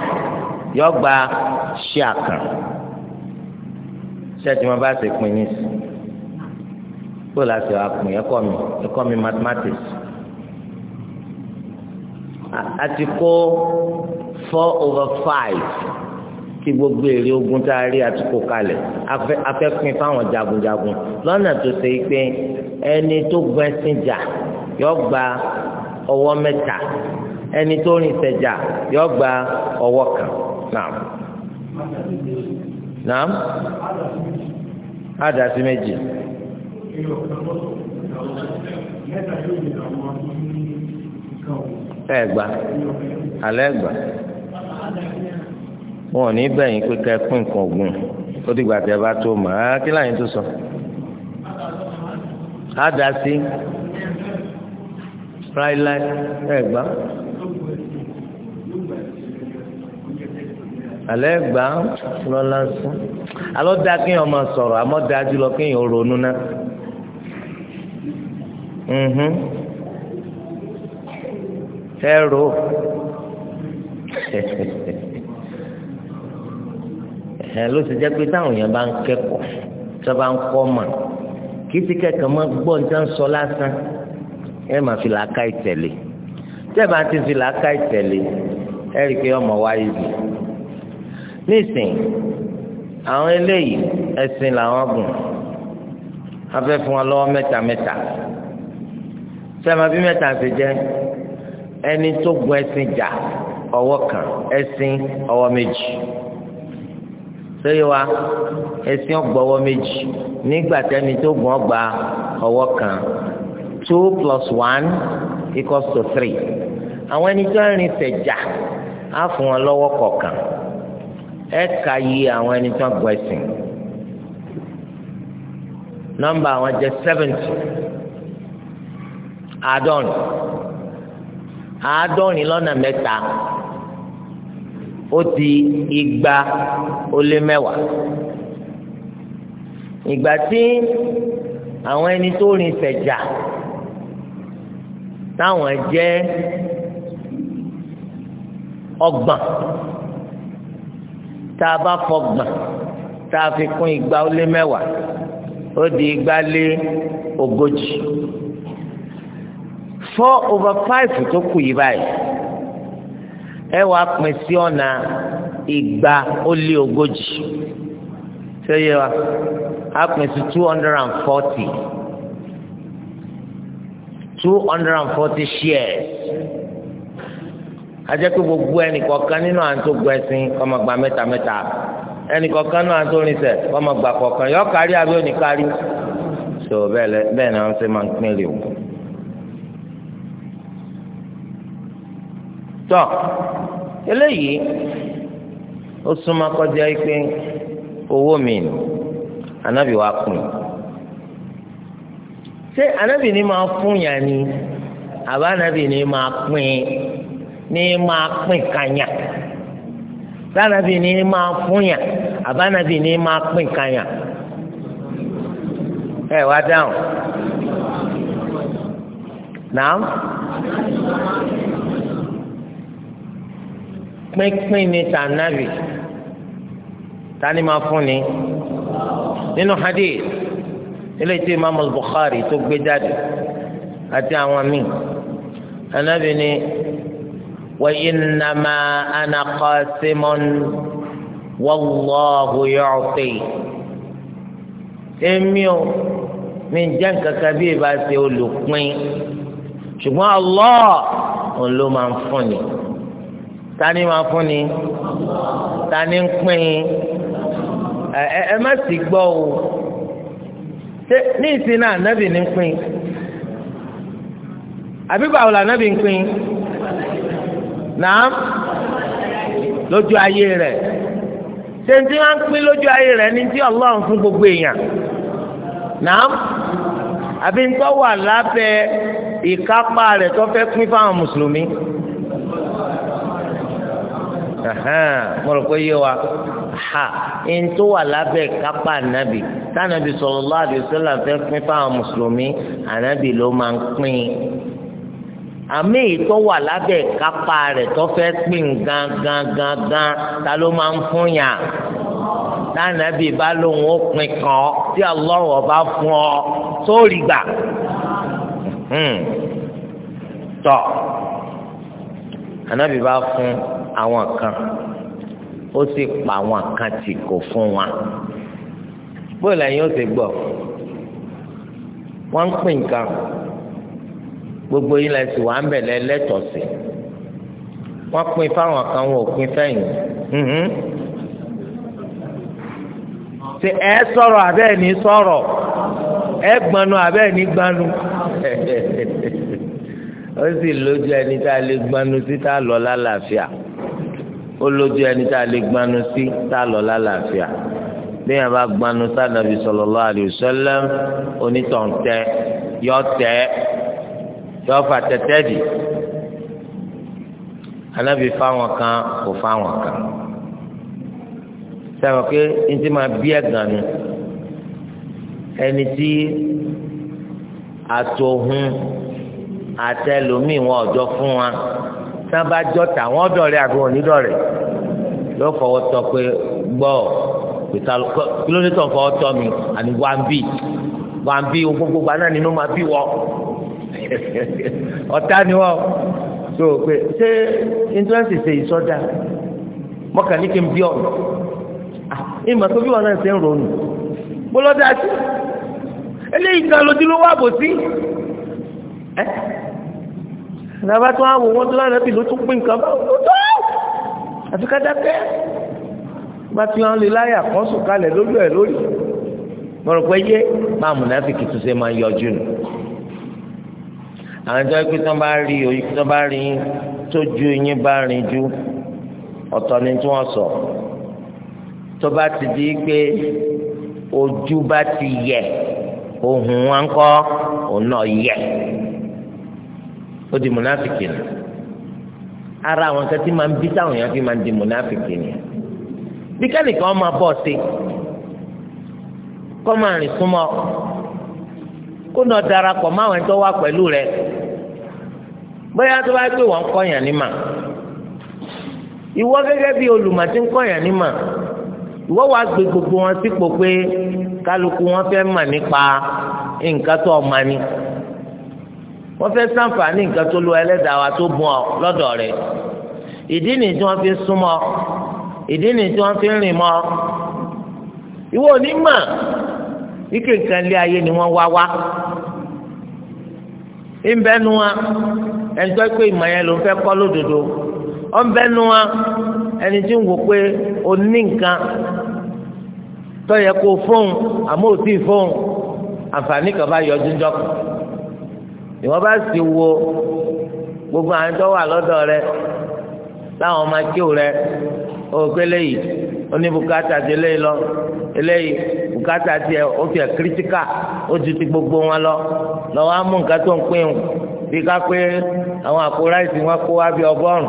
Speaker 1: yọ gba ṣíà kan ṣé tí bá ṣe pin ní sí kó láti wàá pin ẹ̀kọ́ mi ẹ̀kọ́ mi mathematics a kó four over five kí gbogbo èrè ogun tá a rí a ti kó kalẹ̀ afẹ́pin fáwọn jagunjagun lọ́nà tó ṣe é pé ẹni tó gbọ́n ẹṣin jà yọ gba ọwọ́ mẹ́ta ẹni tó rìn ṣẹ̀jà yọ gba ọwọ́ kan náà naam adasi méjì
Speaker 2: ẹgbà alẹ́ ẹgbà wọn ò ní bẹ̀yìn pé pín nǹkan ó dìgbà
Speaker 1: tẹ bá tó mọ̀ á kí láyìn tó sọ. á dá ẹgbà
Speaker 2: alẹ́ ẹgbà lọ́la lọ,
Speaker 1: alọ́ kéèyàn máa dájú lọ fẹ́rò ẹ̀hẹ́n ló ti jẹ́ pé táwọn èèyàn bá ń kẹ́kọ̀ọ́ tí wọ́n bá ń kọ́ mà kí ti kẹ́kọ̀ọ́ mọ́ gbọ́ ní sàn sọ lásán ẹ máa fi làákà ìtẹ̀lé tẹ́ bá ti fi làákà ìtẹ̀lé ẹ rí i pé ọmọ wáyé bì nísìn àwọn eléyìí ẹ̀sìn làwọn gùn afẹ́ fún wọn lọ́wọ́ mẹ́ta mẹ́ta sẹ́ẹ̀ máa bí mẹ́ta ṣe jẹ́ ẹni tó gun ẹṣin jà ọwọ́ kan ẹṣin ọwọ́ méjì sẹ́yìn wa ẹṣin ọgbà ọwọ́ méjì nígbà tẹ́ni tó gun ọgbà ọwọ́ kan two plus one equals to three àwọn ẹni tó ń rin tẹ̀jà á fún wọn lọ́wọ́ kọ̀ọ̀kan ẹ kà yí àwọn ẹni tó gun ẹṣin nọ́mbà àwọn jẹ́ seventy àádọ́rin àádọ́rin lọ́nà mẹ́ta ó di igba ó lé mẹ́wàá ìgbà tí àwọn ẹni tó rìn sẹ̀jà táwọn jẹ́ ọgbọ̀n tá a bá fọgbọ̀n tá a fi kún igba ó lé mẹ́wàá ó di igba lé ogójì four over five tó kù yìí báyìí ẹ wá pín sí ọ̀nà ìgbà ó lé ogójì ṣé yé wa á pín sí two hundred and forty two hundred and forty shares ajẹ́ pé gbogbo ẹnìkọ̀ọ̀kan nínú àwọn tó gbọ́ ẹ̀sìn ọmọ gba mẹ́ta mẹ́ta ẹnìkọ̀ọ̀kan nínú àwọn tó rinṣẹ́ ọmọ gba kọ̀ọ̀kan yọ kárí àbí òní so bẹ́ẹ̀ náà wọ́n ṣe máa ń pín lè wò. tọ eléyìí ó súnmọ́ kọjá pé owó mi ni anábì wa pin ṣé anábì ni máa fún yàn ni àbá anábì ni máa pin ni máa pin kanya sanabi ni máa fún yàn àbá anábì ni máa pin kanya ẹ wá dáhùn nàá. pínpín ní tànàbì tani máa fún ni nínú hadith eléyìí tí imaamu Bukhari tó gbé jáde àti àwọn míì anabi ni wa innama ana qasimun wallahu yu'ti èmi o mi jẹ́ nǹkankan bí ìbá ṣe olùpín ṣùgbọ́n Allah òun ló máa ń fún ni. tani fún ni tani ń pín in ẹ ẹ má sì gbọ́ o ṣé ní ìsìn náà ànábì ní pín in àbí báwo la ànábì ń pín in náà lójú ayé rẹ̀ ṣé ní tí wọ́n ń pín lójú ayé rẹ̀ ní tí ọlọ́run fún gbogbo èèyàn náà àbí ń ìkápá rẹ̀ tó fẹ́ pín fáwọn mùsùlùmí. mo rò pé yé wa ha n tó wà lábẹ́ kápá ànábì tànàbì sallallahu alaihi wasallam fẹ́ pín fáwọn mùsùlùmí ànábì ló máa ń pín àmì ìtọ́ wà lábẹ́ kápá rẹ̀ tó fẹ́ pín gan gan gan gan ta ló máa ń fún yàn tànàbì bá lóun ó pín kàn ọ́ tí Allah bá fún ọ sórí gbà hmm. tọ́ ànábì bá fún ọ àwọn kan ó sì pa àwọn kan tì kò fún wa bóyá lẹ́yìn ó ti gbọ́ wọ́n ń pín nǹkan gbogbo yìí lẹ́sìn wà ń bẹ̀lẹ̀ lẹ́tọ̀ọ̀sì wọ́n pín fáwọn kan wọn ò pín fẹ́yìn ṣe ẹ sọ̀rọ̀ abẹ́ ẹ̀ ní sọ̀rọ̀ ẹ gbanu abẹ́ ẹ̀ gbanu *laughs* ó sì lójú ẹni tá a lè gbanu sí lọ lálàáfíà ó lójú ẹni tá a lè gbanu sí tá a lọ lálàáfíà bí yẹn bá gbanu sí ànábì sallallahu alaihi wasallam onítàn tẹ yọ tẹ yọ fà tẹtẹ dì ànábì fáwọn kan kò fáwọn kan sẹ́wọ̀n pé ntí máa bí ẹ̀gàn nu ẹni tí àtòhun àtẹlómi wọn ọjọ́ fún wa tán bá jọta wọn dọ̀rẹ́ àbí wọn ò ní dọ̀rẹ́ yóò fọwọ́ tọ́ pé gbọ́ kìlómítà fọwọ́ tọ́ mi àní wọ́n bí wọ́n bí gbogbo gbaná nínú máa bí wọ́ *laughs* ọ̀tá ni wọ́n tó o pé ṣé íńtírẹ́sì ṣe ìsọdá mọ́kàn ní kí n bí ọ̀ ah, ìmọ̀ tó bí wọn náà ṣe ń ronú bọ́lọ́dá sí eléyìí kan lójú ló wà bò sí ẹ́ ìdábá tó wá wò wọ́n tó lánàá bì ló tún pín nǹkan báwọn
Speaker 2: tó tó àfi ká dákẹ́
Speaker 1: bá ti wọn lè láyà kan sùn kalẹ̀ lójú ẹ̀ lórí mọ̀rọ̀ pé yé máa mùnáfíkì tó ṣe máa yọjú nù àwọn ìjọ ìpín tó bá rí oyún tó bá rí tó ju yín bá rin ju ọ̀tọ̀ ni tí wọ́n sọ tó bá ti di pé ojú bá ti yẹ ohun wọn kọ́ òun náà yẹ ó di mùnáfìkì nù ara àwọn kan tí máa ń bí táwọn èèyàn fi máa ń di mùnáfìkì nìyẹn bí kẹ́nìkan máa bọ̀ sí kọ́ máa rìn súnmọ́ kó nà darapọ̀ máwọn ẹni tó wà pẹ̀lú rẹ bóyá tó bá pè wọ́n ń kọ́yàn ní mà ìwọ gẹ́gẹ́ bí olùmọ̀ tí ń kọ́yàn ní mà ìwọ wàá gbé gbogbo wọn sípò pé kálukú wọn fẹ́ mà nípa nǹkan tó ọmọ ni wọ́n fẹ́ ṣàǹfààní nǹkan tó lu ẹlẹ́dàá wa tó bùn ọ lọ́dọ̀ rẹ̀ ìdí nìyí tí wọ́n fi súnmọ́ ìdí nìyí tí wọ́n fi rìn mọ́ ìwọ onímọ̀ ike nǹkan lé ayé ni wọ́n wá wá ńbẹ́nu wa ẹni tó pé ìmọ̀ yẹn ló ń fẹ́ kọ́ lódodo ọ̀nbẹ́nu wa ẹni tí ń wò pé o nǹkan tó yẹ kó fóun àmọ́ tí fóun àǹfààní kan bá yọjú ńjọ́ kan. ìwọ bá sì wo gbogbo àwọn tó wà lọ́dọ̀ rẹ láwọn ọmọ akéwò rẹ òkè léyìí oníbùkátà ti léyìí lọ eléyìí bùkátà tiẹ̀ ó tiẹ̀ kírítíkà ó ti ti gbogbo wọn lọ lọ́wọ́ á nǹkan tó ń pín un bí ká pé àwọn àpò ráìsì wọn kó wá bí ọgọ́rùn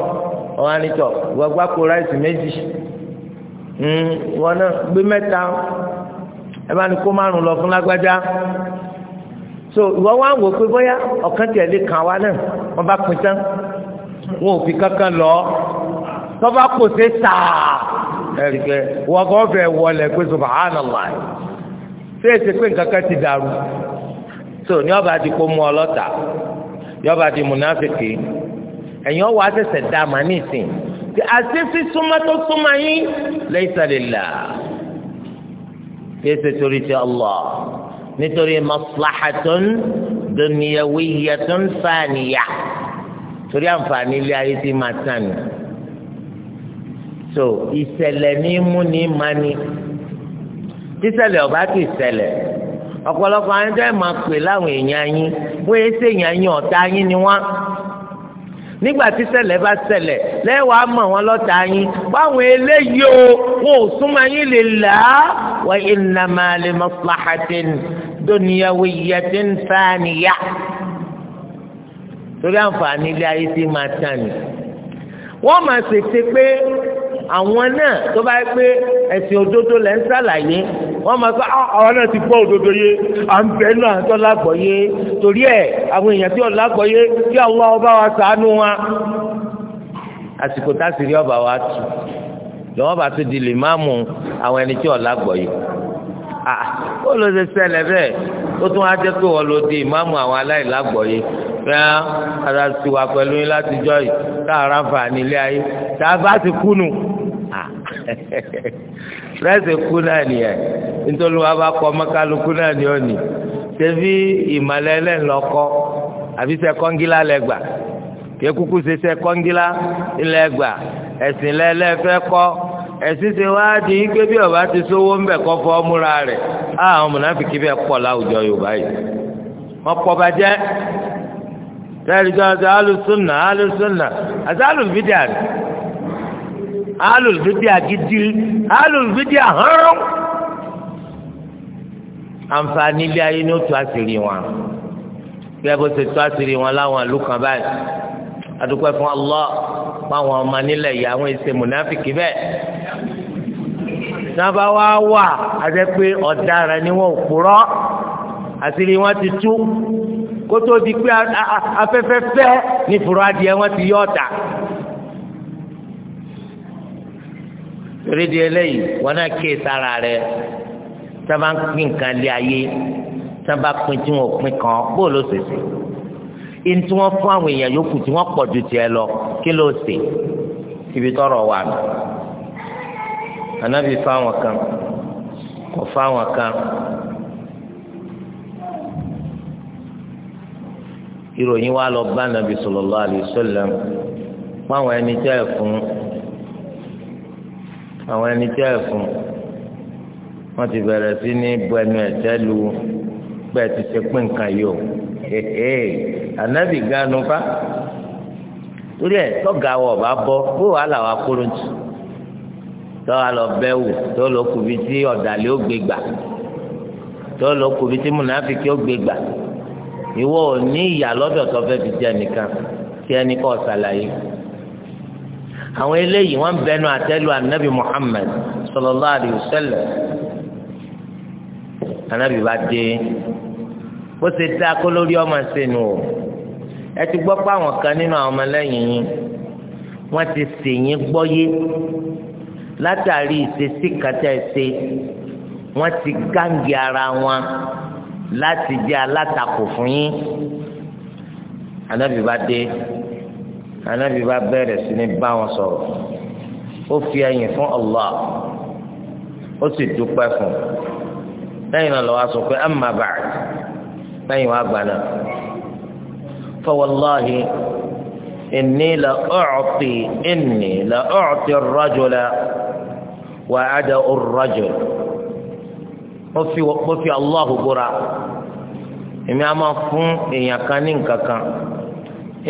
Speaker 1: wọn á ní ìwọ gbá àpò ráìsì méjì so ìwọ wá wò pé bóyá ọ̀kan tiẹ̀ lè kàn wá náà wọ́n bá pin tán wọn ò fi kankan lọ tọ́ba kò sí sáà ẹ̀rìkẹ́ wọ́n kọ́ fẹ́ wọlé pé subhanallah ṣé èsì pé nǹkan kan ti dàrú so ní ọba ti kó mú ọ lọ́tà ní ọba ti múnáfìkì ẹ̀yin ọwọ́ àtẹ̀sẹ̀ dá màá ní ìsìn tí àṣìṣe súnmọ́ tó súnmọ́ yín laysa lillah kí ẹ ṣe torí ti Allah nítorí maslahatun dunyawiyatun faniya torí àǹfààní ilé ayé tí máa tàn ní. so ìṣẹ̀lẹ̀ ní múni mani tíṣẹ̀lẹ̀ ọ̀bá ti ṣẹlẹ̀ ọ̀pọ̀lọpọ̀ àwọn ẹ̀jẹ̀ máa pè láwọn èèyàn yín bóyá ṣèyàn yín ọ̀tá yín ni wọ́n nígbà tí ṣẹlẹ̀ bá ṣẹlẹ̀ lẹ́wàá mọ̀ wọn lọ́tà yín báwọn eléyìí o wọn ò súnmọ́ yín lè là á wa innama li maslahatin dunyawiyyatin faniyah torí àǹfààní ilé ayé ti máa tàn ní. wọ́n máa ṣèṣe pé àwọn náà tó bá yẹ pé ẹ̀sìn òdodo lẹ́ ń sàlàyé wọ́n máa sọ ah, àwọn náà ti gbọ́ òdodo yé à ń bẹ́ẹ̀ náà tó lágbọ́ yé torí ẹ̀ àwọn èèyàn tí ò lágbọ́ yé kí àwọn ọba wa ṣàánú wa àsìkò tásìrí ọba wa tù lọ́wọ́ bá tún di lè má mú àwọn ẹni tí ò lágbọ́ yé ah, ó ló ṣe ṣẹlẹ̀ bẹ́ẹ̀ ó tún wá jẹ́ pé wọ́n ló di ìmáàmù àwọn aláìlágbọ̀ọ́yé fẹ́ẹ́ ara sì wà pẹ̀lú yín látijọ́ yìí tá a ráǹfà nílé ayé tá a bá ti kúnu rẹ́sẹ̀ kú náà nìyẹn nítorí wọn bá kọ́ mọ́kálukú náà ni ó nì ṣebí ìmọ̀lẹ́ lẹ́ńlọ́kọ́ àbí ṣe kọ́ngílá lẹ́gbà kí kúkú ṣe kọ́ngílá lẹ́gbà ẹ̀sìn lẹ́lẹ́fẹ́ kọ́ ẹ̀sìn ṣe wá di ike bí ọba ti sówó ń bẹ̀ kọ́ fọ́ múra rẹ̀ àwọn mùnàfíkì bẹ́ẹ̀ pọ̀ láwùjọ Yorùbá yìí wọ́n pọ̀ bàjẹ́ tẹ́lifíṣàn alùsùnà alùlùbídì àgídí alùlùbídì àhán àǹfààní ilé ayé ni ó tú àṣírí wọn bí ẹ bó ṣe tú àṣírí wọn láwọn ìlú kan báyìí adúpẹ́ fún Allah fáwọn ọmọ nílẹ̀ yìí àwọn èsè mùnáfìkì bẹ́ẹ̀ náà bá wá wà àti pé ọ̀daràn ni wọn ò kúrọ́ àṣírí wọn ti tú kótó di pé
Speaker 2: afẹ́fẹ́fẹ́ ní
Speaker 1: fúrọ́ adìẹ wọn ti yọ ọ̀tà. torí di eléyìí wọn náà ké sára rẹ sábà ń pín nǹkan lé ayé sábà pín tí wọn ò pín kan bó ló sì sè é tí wọn fún àwọn èèyàn yòókù tí wọn pọ̀ ju tiẹ̀ lọ kí ló sè ibi tọrọ wà nù ànábì fáwọn kan kò fáwọn kan ìròyìn wa lọ bá ànábì sallallahu alaihi wasallam fáwọn ẹni tẹ́ ẹ̀ fún àwọn ẹni tí ẹ fún wọn ti bẹ̀rẹ̀ sí ní bu ẹnu ẹ̀tẹ́ lu pé ẹ ti ṣe pín nǹkan yìí o ànábì ganu fa torí ẹ tọ́gà wọ̀ bá bọ́ bó wàá là wá kúrò jù tọ́wọ́ lọ bẹ́ wò tọ́wọ́ lọ kùbi tí ọ̀dàlẹ́ ó gbé gbà tọ́wọ́ lọ kùbi tí múnàfíkì ó gbé gbà ìwọ ò ní ìyà lọ́dọ̀ tó fẹ́ fi jẹ nìkan kí ẹnì kan ṣàlàyé àwọn eléyìí wọ́n ń bẹnu àtẹ́lu anabi muhammed sallallahu alayhi wa sallam anabi bá dé ó ṣe dá kó lórí ọmọ sínú o ẹ ti gbọ́ pé àwọn kan nínú àwọn ọmọlẹ́yìn yín wọ́n ti sèyìn gbọ́yé látàrí ìṣesí kàtà ẹ̀ṣẹ̀ wọ́n ti gáǹgì ara wọn láti jẹ́ alátakò fún yín anabi bá dé anabi bá bẹ̀rẹ̀ sí ní bá wọn sọ̀rọ̀ ó fi ẹ̀yìn fún Allah ó sì dúpẹ́ fún lẹ́yìn náà lọ́wọ́ sọ pé amma ba'd lẹ́yìn wá gbà náà fa wallahi inni la u'ti inni la u'ti ar-rajula wa ada'u ar-rajul ó fi ó fi Allah búra èmi á máa fún èèyàn kan ní nǹkan kan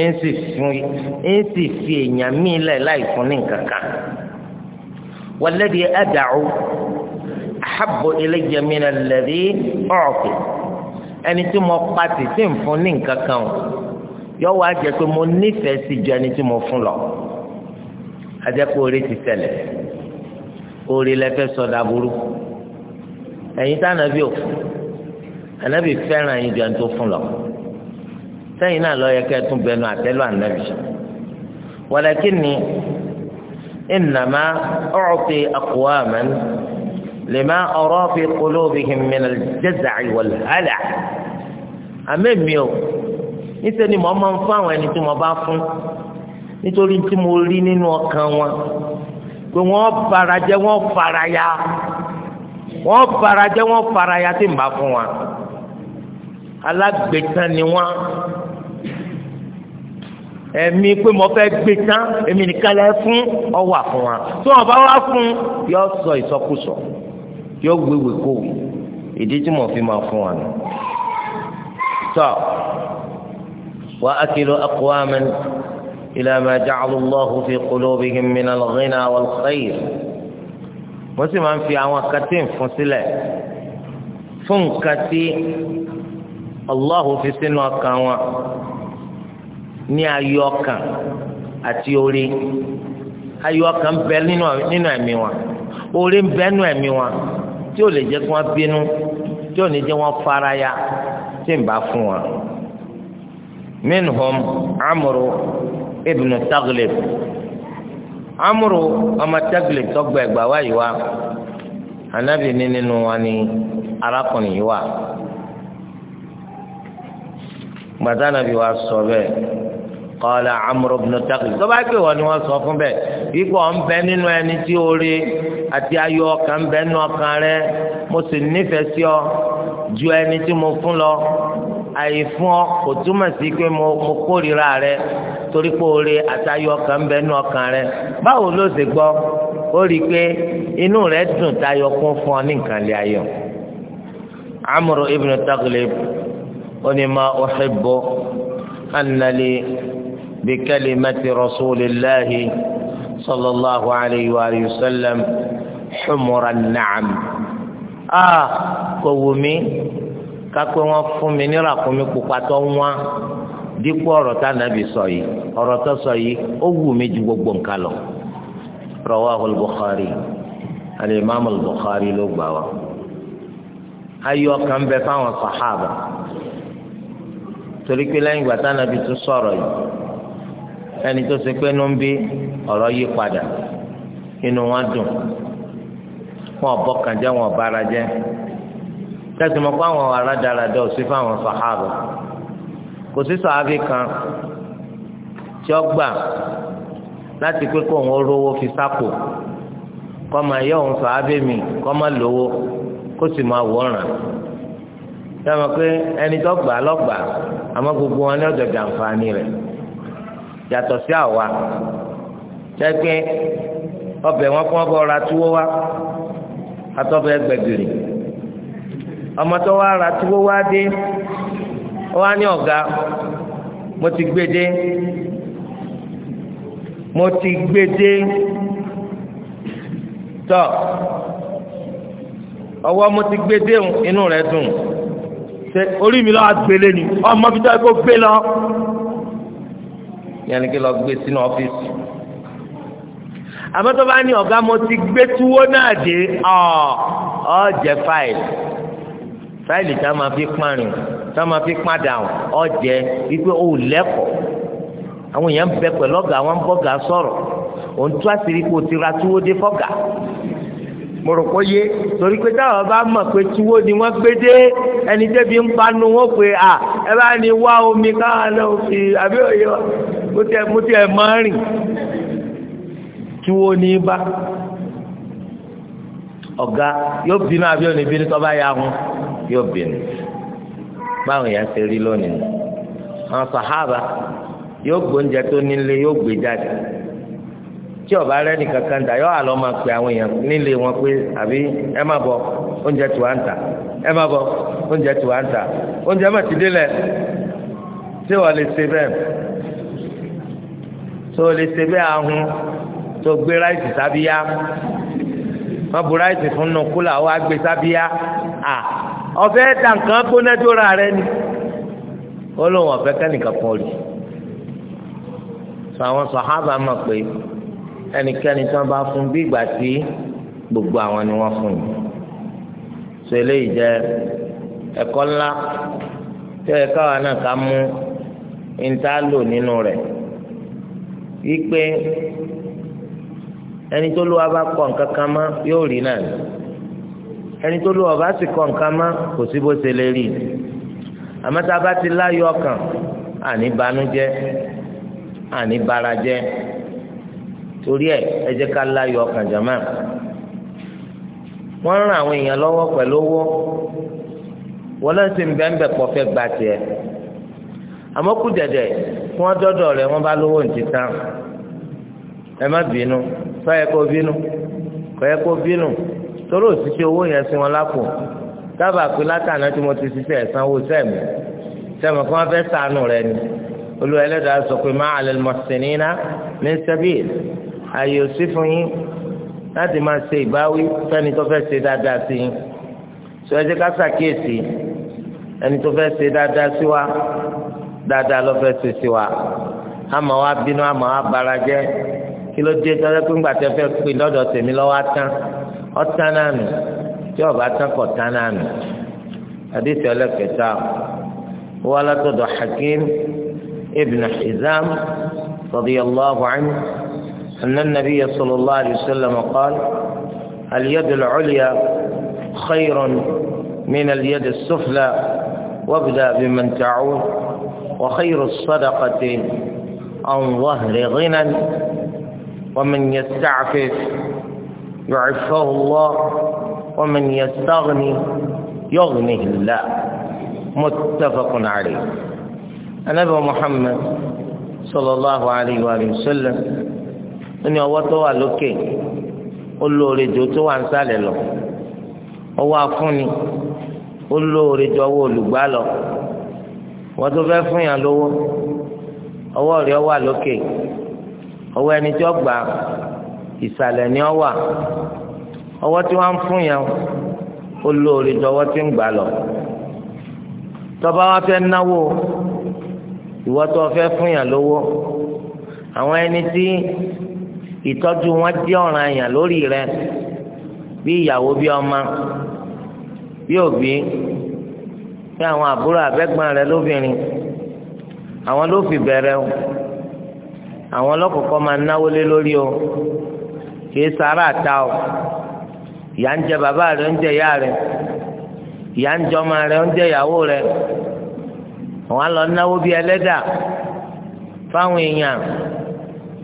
Speaker 1: ń sì fún ń sì fi èèyàn míì lẹ̀ láì fún ní nǹkan kan wàlẹ́dì ẹ̀dàrú àhábò tí mo pati tí ń fún ní nǹkan kan o yọ wá jẹ pé mo nífẹ̀ẹ́ sí ju ẹni tí mo fún lọ àjẹpọ̀ orí ti tẹ̀lẹ̀ orí lẹ́fẹ́ sọ̀dà burú ẹ̀yin tá ànábì òfin ànábì fẹ́ràn ẹ̀yin ju ẹni tó fún lọ sẹ́yìn náà lọ yẹ kẹ́ tún bẹnu àtẹ́lù ànábì walakinni innama u'ti aqwaman lima ara fi qulubihim min al-jaz'i wal-hala' àmẹ́mi o níṣẹ́ ni mo máa ń fún àwọn ẹni tí mo bá fún nítorí tí mo rí nínú ọkàn wọn pé wọ́n bara jẹ́ wọ́n fara ya wọ́n bara jẹ́ wọ́n fara ya tí n bá fún wọn alágbèétan ni wọ́n ẹ̀mí pé mo fẹ́ gbé tán èmi nìkan lẹ́ fún ọwọ́ àfún wa tí wọ́n bá wá fún yọ sọ ìsọkúsọ yọ wéwè kówì ìdí tí mo fi máa fún wa nù. tọ́ wa akilu aqwaman ila ma ja'ala Allahu fi qulubihim min al-ghina wal khayr mo sì máa ń fi àwọn akatí fún sílẹ̀ fún nǹkan Allahu fi sínú ọkàn wọn. ní ayọ̀ ọkàn àti orí ayọ̀ ń bẹ nínú ẹ̀mí wọn orí ń bẹ nínú ẹ̀mí wọn tí ò lè jẹ́ kí wọ́n bínú tí ò ní jẹ́ wọ́n faraya tí ń bá fún wọn. amuru ibn taglib amuru ọmọ taglib tọgbà wa yiwa ní nínú wọn ni arákùnrin wa qala amúrò bínú taqi tó bá pè wọ́n ni wọ́n sọ fún bẹ́ẹ̀ ipò ọ̀n bẹ nínú ẹni tí ó rí àti ayọ̀ ọkàn bẹ nínú ọkàn rẹ mo sì nífẹ̀ẹ́ sí ọ ju ẹni tí mo fún lọ àìfún ọ kò túmọ̀ sí pé mo mo kórìíra rẹ torí pé oore àtayọ̀ ọkàn bẹ nínú ọkàn rẹ báwo ló ṣe gbọ́ ó rí i pé inú rẹ dùn tayọ kún fún ọ ní nǹkan lè ayọ̀ amúrò ibn Taghlib ó ní بكلمة رسول الله صلى الله عليه وآله وسلم حمر النعم آه قومي kakpe wọn fún mi ní ràkúnmí pupa tó ń wá dípò ọ̀rọ̀ tá nàbì sọ yìí ọ̀rọ̀ tó sọ yìí ó wù mí ju gbogbo nǹkan lọ rawahu al-Bukhari alimami al-Bukhari ló gbà wá ayé ọkàn bẹ fáwọn sàhábà torí pé lẹ́yìn ìgbà tá nàbì tún sọ̀rọ̀ yìí ẹni tó ṣe pé ló ń bí ọ̀rọ̀ yí padà inú wọn dùn wọn ò bọ́kàn jẹ́ wọn ò bára jẹ́ tẹ̀sí mọ́ pé àwọn aládàáradà ò sí fáwọn sàhábà kò sí sàhábì kan tí ó gbà láti pé kó òun rówó fi sápò kọ́ máa yọ òun sàhábì mi kọ́ máa lówó kó sì máa wòran tẹ̀sí mọ́ pé ẹni tó gbà lọ́gbà àmọ́ gbogbo wọn ní ọ̀dọ̀ jàǹfààní rẹ̀ yàtọ̀ sí àwa tẹ́gbẹ́ ọbẹ̀ wọn fún ọbẹ̀ ọ̀rá tuwó wa atọ́bẹ̀ gbẹ̀gìrì ọmọ tó wá ra tuwó wa dé wá ní ọ̀gá mo ti gbé dé mo ti gbé dé tọ ọwọ́ mo ti gbé dé inú rẹ̀ dùn orí mi lọ́wọ́ gbélé ni ọmọ fi dá ẹgbẹ́ gbé lọ. yẹnni kí lọ gbé sínú ọ́fíìsì àmọ́ tó bá ní ọ̀gá mo ti gbé ọ jẹ fáìlì fáìlì tá a máa fi pààrin tá a máa fi pàdà ọ jẹ wípé o lẹ́kọ̀ọ́ àwọn èèyàn bẹ pẹ̀lú ọ̀gá wọn bọ́gà sọ̀rọ̀ òun tú àṣírí kò ti ra túwó dé fọ́gà mo rò pé yé torí pé táwọn bá mọ̀ pé ni wọ́n gbé dé ẹni débi ń panu wọn pé à ẹ bá omi káwọn náà fi àbí òye mo ti ẹ̀ máa rìn tí wo ní bá ọ̀gá yóò bínú àbí òní bínú tó bá ya hun yóò bínú báwọn èèyàn ṣe rí lónìí àwọn sàhábà yóò gbóúnjẹ tó nílé yóò gbé jáde tí ọba rẹ nìkan kan dà yọ àlọ́ máa pe àwọn èèyàn nílé wọn pé àbí ẹ má bọ oúnjẹ tí wà ń tà ẹ má bọ oúnjẹ tí wà ń tà oúnjẹ má ti délẹ̀ tí wọ́n lè ṣe bẹ́ẹ̀ tó o lè ṣe bẹ́ẹ̀ ahun tó o gbé ráìsì sábíyá wọ́n bu ráìsì fún nù kúlà ó wá gbé sábíyá à ọ̀fẹ́ dà gbóná tó rẹ ni ó lóun ọ̀fẹ́ kẹ́nìkan kan rí sọ àwọn sàhábà mọ̀ pé ẹnikẹ́ni tí wọ́n bá fún bí ìgbà tí gbogbo àwọn ni wọ́n fún yìí sọ eléyìí jẹ́ ẹ̀kọ́ ńlá tí ẹ̀ka wa náà ká mú ń tá lò nínú rẹ̀ wípé ẹni tó lówó bá kọ nǹkan kan mọ́ yóò rí náà ẹni tó lówó bá sì kọ nǹkan mọ́ kò sí bó ṣe lè rí àmọ́ tá a bá ti láyọ̀ ọkàn àní banújẹ́ àní barajẹ́ torí ẹ ẹ ká láyọ̀ ọkàn jàmá wọ́n ràn àwọn èèyàn lọ́wọ́ pẹ̀lú owó wọ́n lọ́sìn bẹ́ẹ̀ bẹ́ẹ̀ pọ̀ fẹ́ gbà tiẹ̀ àmọ́ kú dẹ̀dẹ̀ wọ́n dọ́dọ̀ rẹ̀ wọ́n bá lówó ní títàn ẹ má bínú sọ́yẹ kó bínú kọ́yẹ kó bínú torí òṣìṣẹ́ owó yẹn sí wọn lápò dábàá pé látàná tí mo ti ṣiṣẹ́ ẹ̀sánwó sẹ́mi sẹ́mi kí wọ́n fẹ́ sànù rẹ ni olú ẹlẹ́dàá sọ pé má alẹ́ mọ̀sánínà ní sẹ́bíìlì ààyè òsì fún yín láti máa ṣe ìbáwí fẹ́ni tó fẹ́ ṣe dáadáa sí yín sọ ẹ jẹ́ ká ṣàkíyèsí ẹni tó fẹ́ ṣe dáadáa sí wa dáadáa ló fẹ́ ṣe sí wa àmọ́ wa bínú àmọ́ wa bara jẹ́ kí ló dé tọ́jú pé ńgbà tẹ́ fẹ́ pé lọ́dọ̀ tèmi lọ́wọ́ tán ọ̀tán náà nù tí ọba tán kọ̀ tán náà nù àdìsí ọlẹ́kẹta wọ́n alátọ̀dọ̀ Hakim ibn Hizam radiyallahu anhu anna nabiyya sallallahu alayhi wa sallam qaal اليد العليا خير من اليد السفلى وابدأ بمن تعود وخير الصدقة عن ظهر غنى ومن يستعفف يعفه الله ومن يستغني يغنه الله متفق عليه النبي محمد صلى الله عليه وآله وسلم أن يوتوا لكي قل jò tó wà ń sálẹ̀ lọ ọwọ́ afúnni olóore jọ wọ́n tó fẹ́ fún yàn lówó ọwọ́ rẹ̀ wà lókè ọwọ́ ẹni tí ó gbà ìsàlẹ̀ ni ó wà ọwọ́ tí wọ́n ń fún yàn ó lóore jọwọ́ tí ń gbà lọ tọba wa fẹ́ náwó ìwọ tó fẹ́ fún yàn lówó àwọn ẹni tí ìtọ́jú wọn jẹ́ ọ̀ràn àyàn lórí rẹ bí ìyàwó bí ọmọ bí òbí pé àwọn àbúrò àbẹ́gbọ́n rẹ lóbìnrin àwọn ló fi bẹ̀rẹ̀ o àwọn ọlọ́kọ̀ọ́kọ́ máa náwó lé lórí o kìí sára àta o ìyá ń jẹ bàbá rẹ ń jẹ ìyá rẹ ìyá ń jẹ ọmọ rẹ ń jẹ ìyàwó rẹ àwọn lọ náwó bíi ẹlẹ́dà fáwọn èèyàn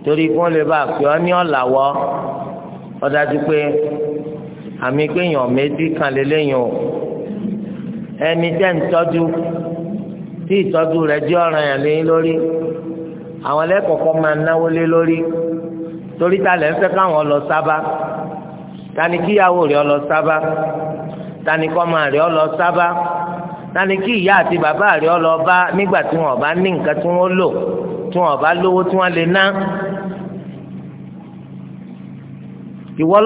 Speaker 1: torí kí wọ́n lè bá pè ọ́ ní ọ̀làwọ́ ọ̀dájú pé àmì pé èèyàn méjì kan lélẹ́yìn o ẹni tẹ́ ń tọ́jú tí ìtọ́jú rẹ̀ jẹ́ ọ̀ràn yàn lé lórí àwọn ẹlẹ́kọ̀ọ́kọ́ máa náwó lé lórí torí ta lẹ́ ń fẹ́ káwọn lọ sábà tani kíyàwó rẹ̀ lọ sábà tani kọ́mọ rẹ̀ lọ sábà tani kí ìyá àti bàbá rẹ̀ lọ bá nígbà tí wọn bá ní nǹkan tí wọn lò tí wọn bá lówó tí wọn lè ná ìwọ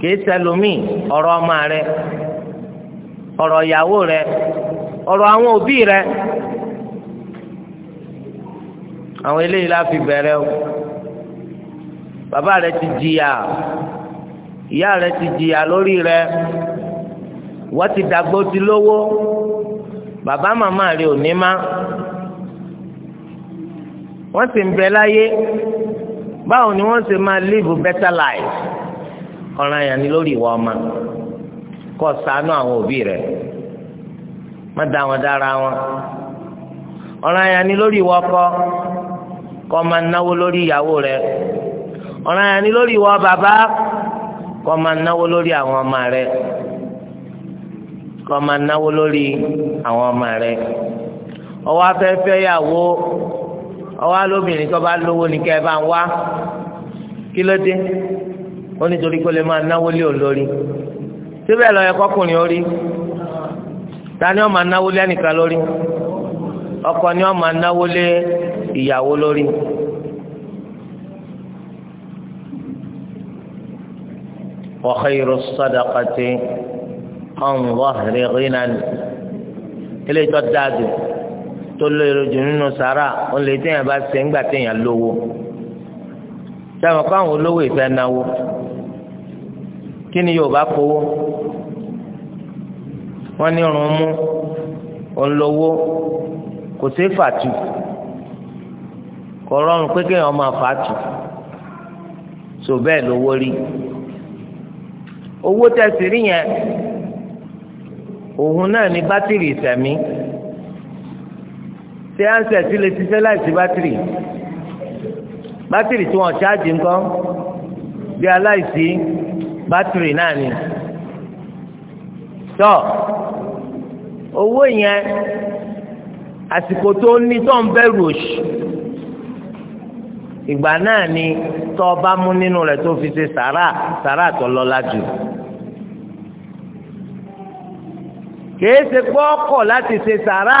Speaker 1: kìí ṣẹlòmíì ọ̀rọ̀ ọmọ rẹ̀ ọ̀rọ̀ ìyàwó rẹ ọ̀rọ̀ àwọn òbí rẹ àwọn eléyìí la fi bẹ̀rẹ̀ o bàbá rẹ ti jìyà ìyá rẹ ti jìyà lórí rẹ wọ́n ti dàgbó ti lówó bàbá màmá rẹ ò ní má wọ́n sì ń bẹ láyé báwo ni wọ́n sì máa live better life ọ̀ràn yẹn ni lórí ìwà ọmọ kó ṣàánú àwọn òbí rẹ má dá wọn dára wọn ọ̀ràn yẹn ni lórí ìwọ ọkọ kó máa náwó lórí ìyàwó rẹ ọ̀ràn yẹn ni lórí ìwọ bàbá kó máa náwó lórí àwọn ọmọ rẹ kó máa náwó lórí àwọn ọmọ rẹ ọwọ́ afẹ́fẹ́ yàwó ọwọ́ alóbìnrin tó bá lówó ni kẹ́ ẹ bá ń wá kí ló dé ó nítorí kó lè máa náwó lé òun lórí síbẹ̀ lọ yẹ kọkùnrin orí ta ni ó máa lé ẹnìkan lórí ọkọ ni lé ìyàwó lórí. وخير الصدقة عن ظهر غنى ilé tó dáa jù tó lóore jù nínú sàrà òun lè kí ni yorùbá kówó wọn ní irun mú olówó kò sí fàtú kò rọrùn pé kéèyàn máa fàtú tó bẹ́ẹ̀ lówó rí owó tẹ̀sí rí yẹn òun náà ní bátìrì ìsẹ̀mí ṣé ansẹ̀tì lè ṣiṣẹ́ láìsí bátìrì bátìrì tí wọ́n ṣáàjì ńkọ́ bí aláìsí bátìrì náà ni tọ́ owó yẹn àsìkò tó ní tó ń bẹ̀rù òṣì ìgbà náà ni tọ́ ọ bá mú nínú rẹ̀ tó fi ṣe sàrà sàrà tó lọ́lá jù kìí ṣe gbọ́kọ̀ láti ṣe sàrà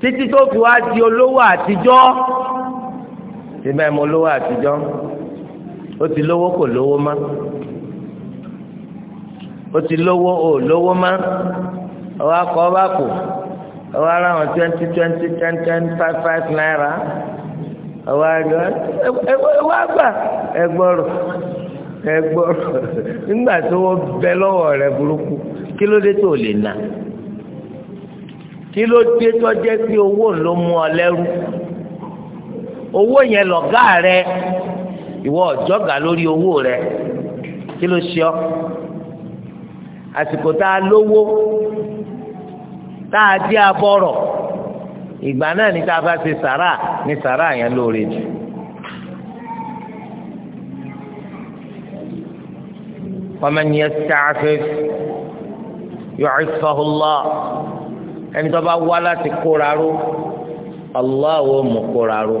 Speaker 1: títí tó fi wá di olówó àtijọ́ síbẹ̀ mo olówó àtijọ́. ó ti lówó kò lówó má ó ti lówó ò lówó má ọwọ́ akọ ọba kù ara wọn twenty twenty ten ten five five naira ọwọ́ àjọ ẹwọ́ àgbà nígbà tí wọ́n bẹ lọwọ rẹ burúkú kí ló dé tó lè nà kí ló dé tó lọ pé owó ló mú ọ owó rẹ. ìwọ ọjọga lórí owó rẹ kí ló ṣe ọ àsìkò tá a lówó tá a dí abọrọ ìgbà náà ní tá a bá ṣe sàrà ní sàrà yẹn lóore jù. ومن يستعفف يعفه الله ẹni tó bá wá láti kóra ró Allah mú kóra ró.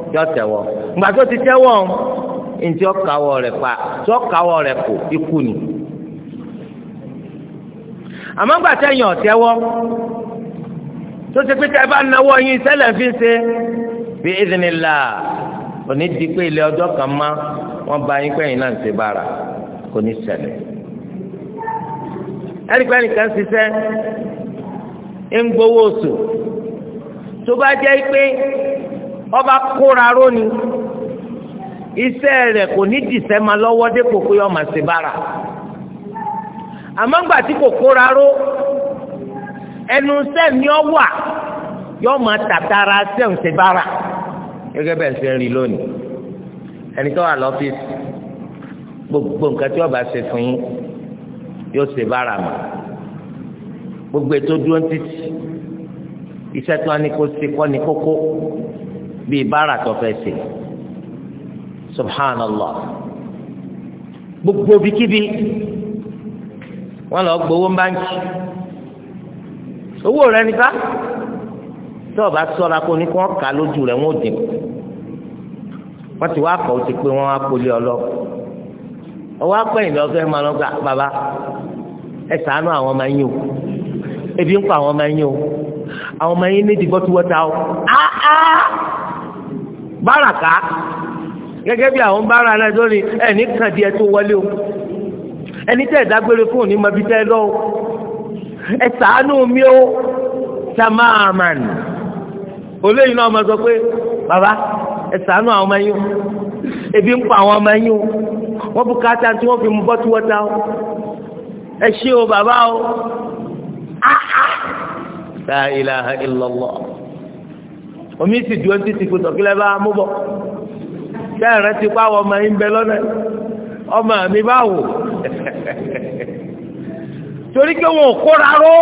Speaker 1: yọ tẹ̀wọ́ ìgbà tó ti tẹ́wọ́ ntí ọkàwọ́ pa tí ọkàwọ́ rẹ̀ kù ikú ni àmọ́ gbà tẹ̀yìn tó ti pété ẹ bá yín sẹ́lẹ̀ fi ṣe bí ìdínilá òní di pé ilé ọjọ́ kan má wọ́n bá yín náà ń ṣe bára kò ní ń gbowó oṣù tó bá jẹ́ pé ọba kóra ró ni iṣẹ́ rẹ̀ kò ní dìsẹ́ máa lọ́wọ́ dépò pé ọmọ sí bára àmọ́ ńgbà tí kò kóra ró ẹnu sẹ́ni ọ wà yọ máa tàtàrà sẹ́hùn sí bára gẹ́gẹ́ bẹ́ẹ̀ ṣe ń rí lónìí ẹni tó wà lọ́fíìsì gbogbo nǹkan tí ọba ṣe fún yín yóò ṣe bára mọ́ gbogbo ètò dúró títì iṣẹ́ tó wá ní kó ṣe kọ́ ní kókó bíi bára tó fẹ́ ṣe subhanallah
Speaker 2: gbogbo bikibi
Speaker 1: wọn lọ gbowó báńkì owó rẹ nípa tó o bá sọra kó ní kó wọn kà lójú rẹ wọn ò dín wọn ti wá kọ ó ti pé wọn á polí ọlọ ọwọ apẹyìn lọ fẹẹ máa lọ gbà bàbá ẹ ṣàánú àwọn ọmọ yín o ebi ń pa àwọn ọmọ yín o àwọn ọmọ yín ní ìdìbò tí wọn ta o báràká gẹ́gẹ́ bí àwọn bára náà lórí ẹni kan díẹ̀ tó wọlé o ẹni tẹ́ ìdágbére fún òní mọbi tẹ́ lọ ẹ ṣàánú mi ó tamaman olóyìn náà máa sọ pé bàbá ẹ ṣàánú àwọn ọmọ yín o ebi ń pa àwọn ọmọ yín o wọ́n bu káta tí wọ́n fi mu bọ́tú wọ́ta o ẹ ṣé o bàbá o ah ah la ilaha illallah omi sì dúró títí kò tọ̀kílẹ̀ bá mú bọ̀ ṣé ẹ̀rẹ́ ti pa ọmọ yín bẹ lọ́nà ọmọ mi bá wò
Speaker 2: *laughs*
Speaker 1: torí pé wọn ò kóra ró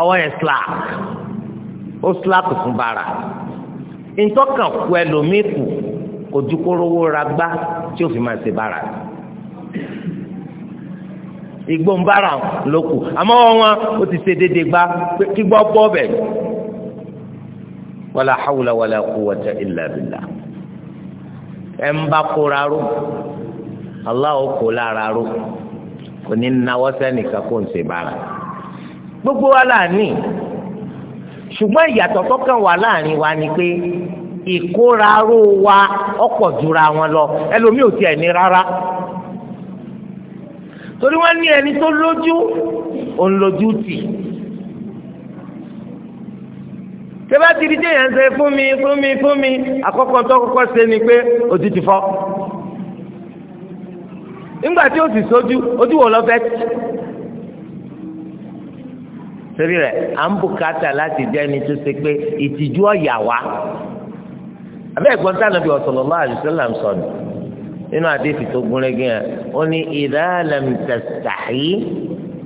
Speaker 1: ọwọ́ yẹn slack ó slack fún bàrà ntọ́kàn kú ẹlòmíì kù kò ju kórówó ra gbá tí ó fi máa ṣe bàrà igbó ń bàrà ló kù àmọ́ wọn ó ti ṣe déédéé gbá kí gbọ́ bọ́ bẹ̀ wala hawla wala quwwata illa billah ẹ̀ ń bá kóra ró Allah ó kó lára ko kò ní náwó sẹ́nìkan kó ń ṣe gbogbo wa laani, ṣugbọn ṣùgbọ́n ìyàtọ̀ tó kàn wá láàrin wa ni pé ìkóraró wa ọ̀pọ̀ jura wọn lọ ẹlòmíì ò rara. ní rárá torí wọ́n ní ẹni tó lójú òun lójú tì í tẹ́bá ti di jẹ́yà ń ṣe fún mi fún mi fún mi àkọ́kọ́ tó kọ́kọ́ ṣe ni pé ojú ti fọ́ nígbà tí ó sì sójú ojú wò lọ́fẹ́ tì torí rẹ̀ à ń bùkátà láti jẹ́ ẹni tó ṣe pé ìtìjú ọ̀yà wa abẹ́ ẹ̀gbọ́n tí Ànábì sallallahu alaihi wasallam sọ ni nínú àdéhùn tó gúnrégé yẹn ó ní idha lam tastahi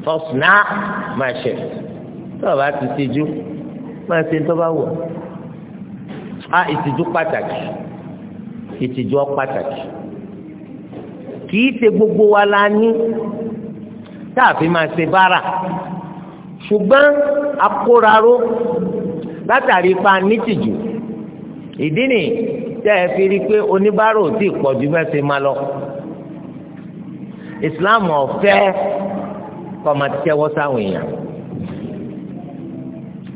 Speaker 1: fasna' ma shi'ta tó o bá máa ṣe tó bá wọ̀ á ìtìjú pàtàkì ìtìjú pàtàkì kìí ṣe gbogbo wa la ní tá a fi máa ṣe bára ṣùgbọ́n akóraró látàrí ipa nítìjú ìdí nìyí tẹ́ ẹ fi rí i pé oníbàárà ò tí ì pọ̀ ju mẹ́sẹ̀ máa lọ. ìsìláàmù ọ̀fẹ́ kọ́ máa tẹ́wọ́ sáwọn èèyàn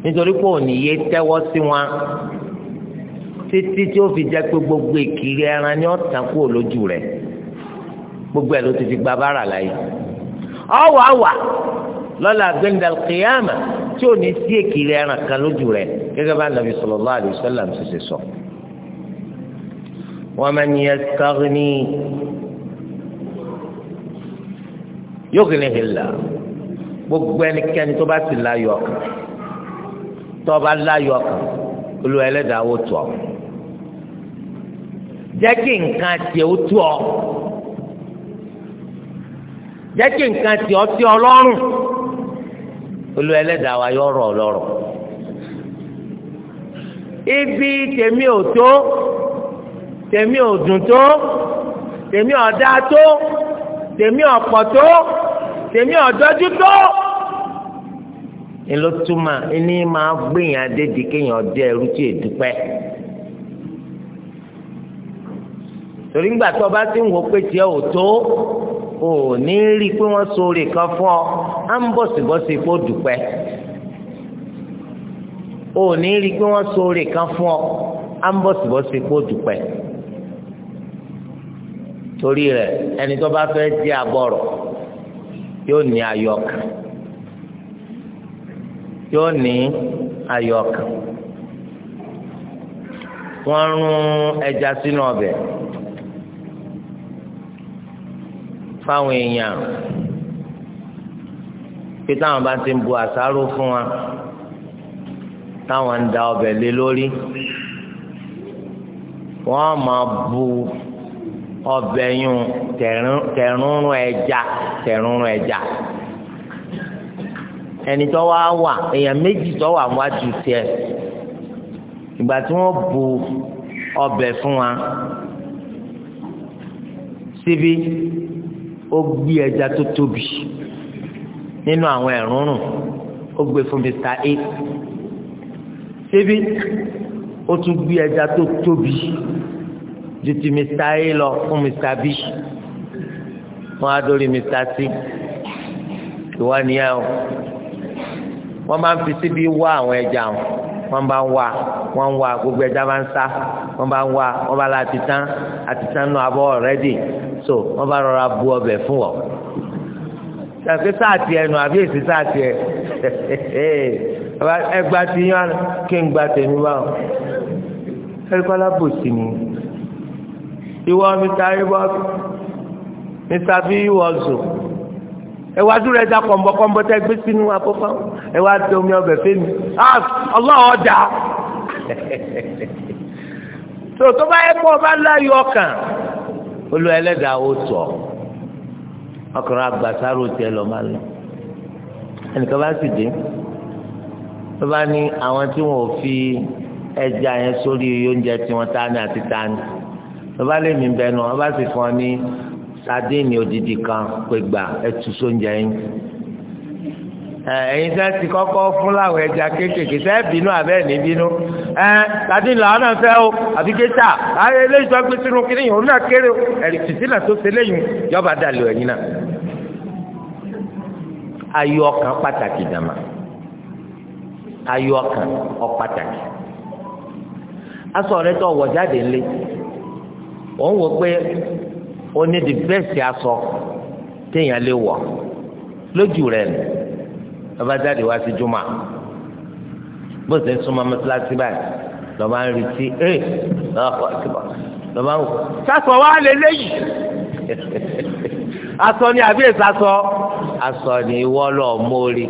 Speaker 1: nítorí pé òní yé tẹ́wọ́ sí wọn títí tí ó fi jẹ́ pé gbogbo ìkiri ẹran ni ó tàn kúrò lójú rẹ̀ gbogbo ẹ̀ ló ti fi gba bára láyé ọ̀wà wà lọ́la gbẹ̀ndà kìyàmà tí ò sí èkìrí ẹran kan lójú rẹ̀ gẹ́gẹ́ bá nàbì sallallahu alaihi ṣe ṣe sọ. wa man yastaghni yughnihi Allah gbogbo ẹnikẹ́ni tó bá sì láyọ̀ ọ̀kan tọ́ba láyọ̀ kan olú ẹlẹ́dàá ó tù ọ́ jẹ́ kí nǹkan tiẹ̀ ó tù ọ́
Speaker 2: jẹ́ kí nǹkan tiẹ̀ ó tì ọ́ lọ́rùn
Speaker 1: olú ẹlẹ́dàá wa yọ̀ ọ̀rọ̀ lọ́rọ̀ ibi tèmi ò tó tèmi ò dùn tó tèmi ò dáa tó tèmi ò tó tèmi ò tó ńlọtúmọ̀ ẹni máa gbìyàn adédi kéèyàn dé ẹrú tí èdúpẹ́. torí ńgbà tó o bá ti ń wo pé tiẹ̀ ò tó o ní rí i pé wọ́n sóore kan fún ọ á ń bọ̀sibọ́sì kó dúpẹ́ o ní rí i pé wọ́n sóore kan fún ọ á ń bọ̀sibọ́sì kó dúpẹ́ torí rẹ̀ ẹni tó bá fẹ́ jẹ́ abọ́rọ̀ yóò ní ayọ̀ kan yóò ní ayọ̀ ọkàn wọ́n rún ẹja sínú ọbẹ̀ fáwọn èèyàn pé táwọn bá ti ń bu àsáró fún wa táwọn ń da ọbẹ̀ lé lórí wọ́n máa bu ọbẹ̀ yún tẹ̀rún ẹja tẹ̀rún ẹja ẹni tó wá wà èèyàn méjì tó wà wájú tiẹ̀ ìgbà tí wọ́n bu ọbẹ̀ fún wa síbi ó gbé ẹja tó tóbi nínú àwọn ẹ̀rúnrún ó gbé fún Mr A síbi ó tún gbé ẹja tó tóbi ju ti Mr A lọ fún Mr B wọn á dórí Mr C ìwọ nìyẹn o wọ́n máa ń fi síbi wá àwọn ẹja wọn wọ́n bá ń wá wọ́n ń wá gbogbo ẹja bá ń sá wọ́n bá ń wá wọ́n bá la ti tán àti tán nù abọ́ ọ̀rẹ́dì so wọ́n bá rọra bu ọbẹ̀ fún ọ. ṣàfihàn sáàtì ẹnu àbí èsì sáàtì ẹ ẹgbà tí yàn kí n gba tèmi báwọn ẹgbàlá bò sí ni ìwọ mi ta ìwọ mi ta bí ìwọ ẹwà dúró ẹja kọ̀m̀bọ̀kọ̀m̀bọ̀ tẹ́ gbé sínú afọ́fọ́ ẹwà tẹ omi ọbẹ̀ fẹ́mi ọlọ́ọ̀ dà tó tó bá yẹ kó o bá láyọ̀ ọkàn olú ẹlẹ́dàá ó tọ̀ ọkùnrin agbàsáró tiẹ̀ lọ́ máa lọ ẹnìkan bá sì dé tó bá ní àwọn tí wọn ò fi ẹja yẹn sórí oúnjẹ tí wọn tá ní àti tá ní tó bá lè mí bẹnu wọn sì fún ọ ní sadéènì odidi kan pé gbà ẹtù sóúnjẹ yín ẹ̀yin sẹ ti kọ́kọ́ fún làwọn ẹja kéékèèké sẹ bínú abẹ ní bínú ẹ sadéènì làwọn náà fẹ o àbí géta ayé eléyìí tó gbé sínú kiri yìí òun yọba dàlú náà Ayọ ọkàn pàtàkì dàmà Ayọ ọkàn rẹ jáde wọn pé ó ní the best aṣọ téèyàn lè wọ̀ lójú rẹ̀ nù lọ́ba jáde wá sí jùmọ̀ bó ṣe ń súnmọ́ mọ́tíláṣí báyìí lọ́ba ń retí ẹ̀ lọ́kọ̀ àtìmọ́ lọ́ba ń wò sásọ wa lè léyìí *laughs* aṣọ ni àbí èso aṣọ aṣọ ni ìwọ lọ mórí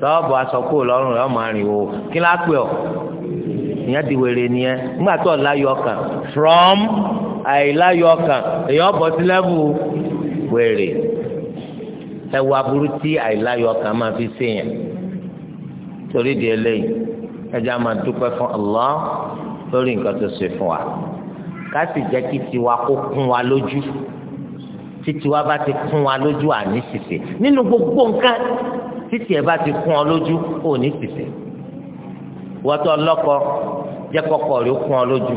Speaker 1: tọ́ọ̀bù aṣọ kúrò lọ́rùn rẹ̀ ọmọ àrìn o kí lápẹ́ ọ ìyẹn ti wèrè nìyẹn nígbà tó ọ̀la yọ ọkàn from àìláyọ̀ ọkàn èèyàn bọ̀ sí lẹ́bù wèrè ẹ wo aburú tí àìláyọ̀ ọkàn máa fi ṣèyàn torí di eléyìí ẹja máa dúpẹ́ fún Allah lórí nǹkan tó ṣe fún wa ká sì jẹ́ kí tiwa kó kún wa lójú títí wa bá ti kún wa lójú àní ṣìṣe nínú gbogbo nǹkan títí ẹ bá ti kún ọ lójú òní ṣìṣe wọ́tọ̀ lọ́kọ jẹ́ kọ́kọ́ rí kún ọ lójú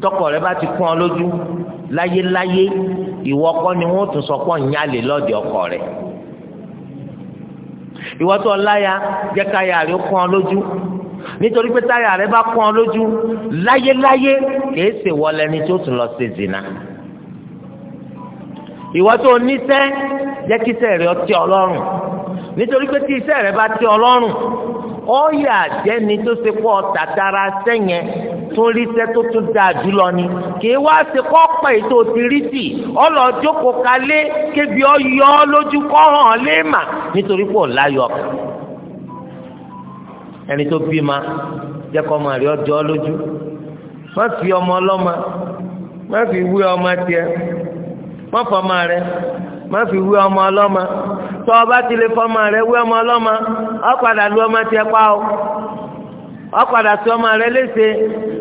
Speaker 1: tọkọ rẹ bá ti kún ọ lójú láyéláyé ìwọ kọ́ ni wọ́n tún sọ pọ nyálè lọdẹ ọkọ rẹ ìwọ tó láya jẹ káyà rẹ kún ọ lójú nítorí pé táyà rẹ bá kún ọ lójú láyéláyé kìí ṣe wọlé ni tó tún lọ ṣe zina ìwọ tó níṣẹ́ jẹ kí iṣẹ́ rẹ ọtí Ọlọ́run nítorí pé tí iṣẹ́ rẹ bá ti Ọlọ́run ọ̀yà jẹ́ni tó ṣe pọ̀ tàtàrà sẹ́yìn tún rí iṣẹ́ tó tún dáa jùlọ ni kì í wá ṣe kọ́ pẹ̀ ètò ti rí tì ọlọ́jókòó kalẹ̀ kébi ọyọ́ lójú kọ́ hàn léèmà nítorí pọ̀ láyọ̀ ẹni tó bí ma jẹ́ kọ́ máa rí ọjọ́ lójú má fi ọmọ ọlọ́mọ má fi wé ọmọ tiẹ̀ má fọmọ rẹ̀ má fi wí ọmọ ọlọ́mọ tọ́ ọ bá ti lè fọmọ rẹ wí ọmọ ọlọ́mọ ọ padà lu ọmọ tiẹ̀ pa ọ ọ padà sí ọmọ rẹ léṣe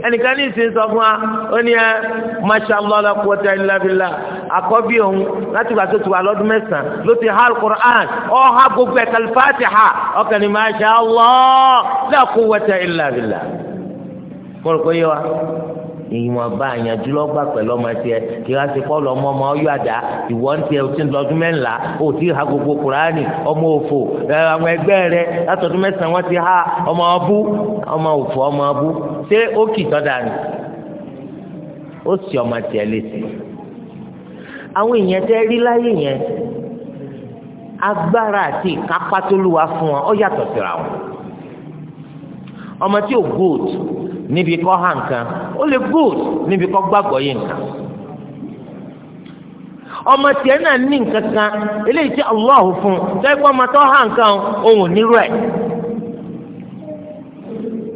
Speaker 1: ẹnìkan ní ìsìn sọ fún wa ó ní ẹ eh, mashallah la quwwata illa billah àkọ́bí òun láti gbà tó ti wà lọ́dún mẹ́sàn-án ló ti ha alukur'an ọ ha gbogbo ẹ̀ kalifatiha ọkàn ní mashallah la quwwata illa billah ìwọ̀nba àyànjú lọ́gbà pẹ̀lú ọmọ tiẹ̀ kí wọ́n ti kọ́ lọ ọmọ ọmọ ọyọ́ àdá ìwọ ń tiẹ̀ ti ń lọ́dún mẹ́ńlá o ti ha gbogbo kùránì ọmọ òfò àwọn ẹgbẹ́ rẹ látọdún mẹ́sàn-án wọ́n ti ha ọmọ ọbú ọmọ òfò ọmọ ọbú ṣé ó kì í tọ́da ni ó sì ọmọ tiẹ̀ létí àwọn èèyàn tẹ́ rí láyé yẹn agbára àti ìkápá tó lù wá fún wọn ó yàtọ̀ síra wọn. ọmọ tí ò good níbi kọ́ hàn ó lè good níbi kọ́ gbàgbọ́ ọmọ ní nǹkan kan eléyìí tí Allah fún tẹ́gbọ́n ọmọ tó hàn kan òun nírú ẹ̀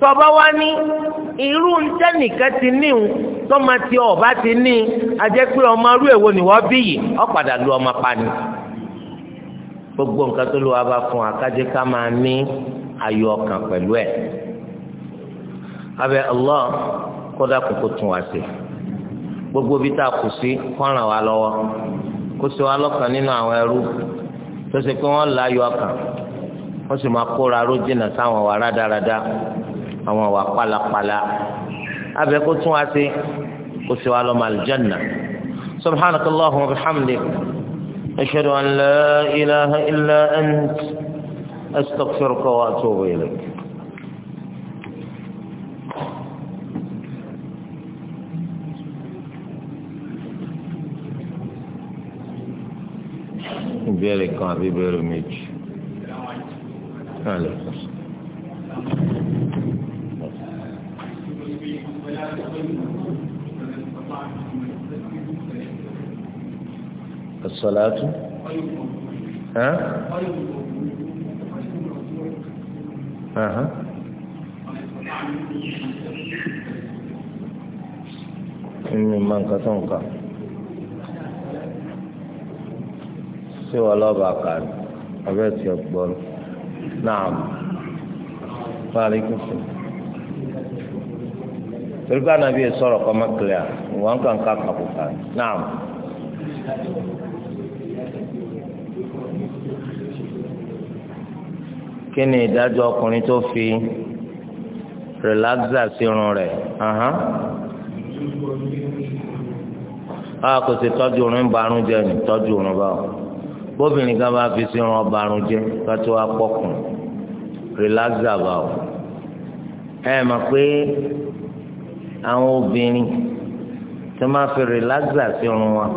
Speaker 1: tọba wa ní irú ntẹ́nìkan ti ní o ọba ti ní ajẹ́ pé ọmọ arú èwo ni wọ́n bí padà lu ọmọ pani gbogbo nǹkan tó bá fún ká máa ní abẹ Allah kódà kókó tún wá sí gbogbo bí tá a kù sí kọ́ràn wá lọ́wọ́ kó sì wá lọ́kàn nínú àwọn ẹrú tó ṣe pé wọ́n là yọ ọkàn wọ́n sì máa kóra ró sáwọn wà rádaràda àwọn wà pálapàla abẹ kó tún wá sí kó sì wá lọ́mọ àlùjànnà subhanakallahumma wa bihamdik ashhadu an la ilaha illa ant astaghfiruka wa atubu ilayk. ìbéèrè kan àbí ìbéèrè méjì. الصلاة ها؟
Speaker 2: ها؟ إني من
Speaker 1: قطنقا sí wọn lọ́ba kan ọbẹ̀ tí ó gbọ́n náà parí kùsù.
Speaker 2: torí pé ànábì sọ̀rọ̀ kọ́ máa kílẹ̀ wọn kàn ká kàkùkà náà.
Speaker 1: kí ni ìdájọ́ ọkùnrin tó fi relaxa sírun rẹ̀ a kò sì tọ́jú orin barun jẹ ní tọ́jú orin báwọn. bóbìnrin kan bá fi sí wọn ọbarun jẹ kátó apọkùn rìláxà bá o ẹ mọ̀ pé àwọn obìnrin tó máa fi rìláxà sí irun wọn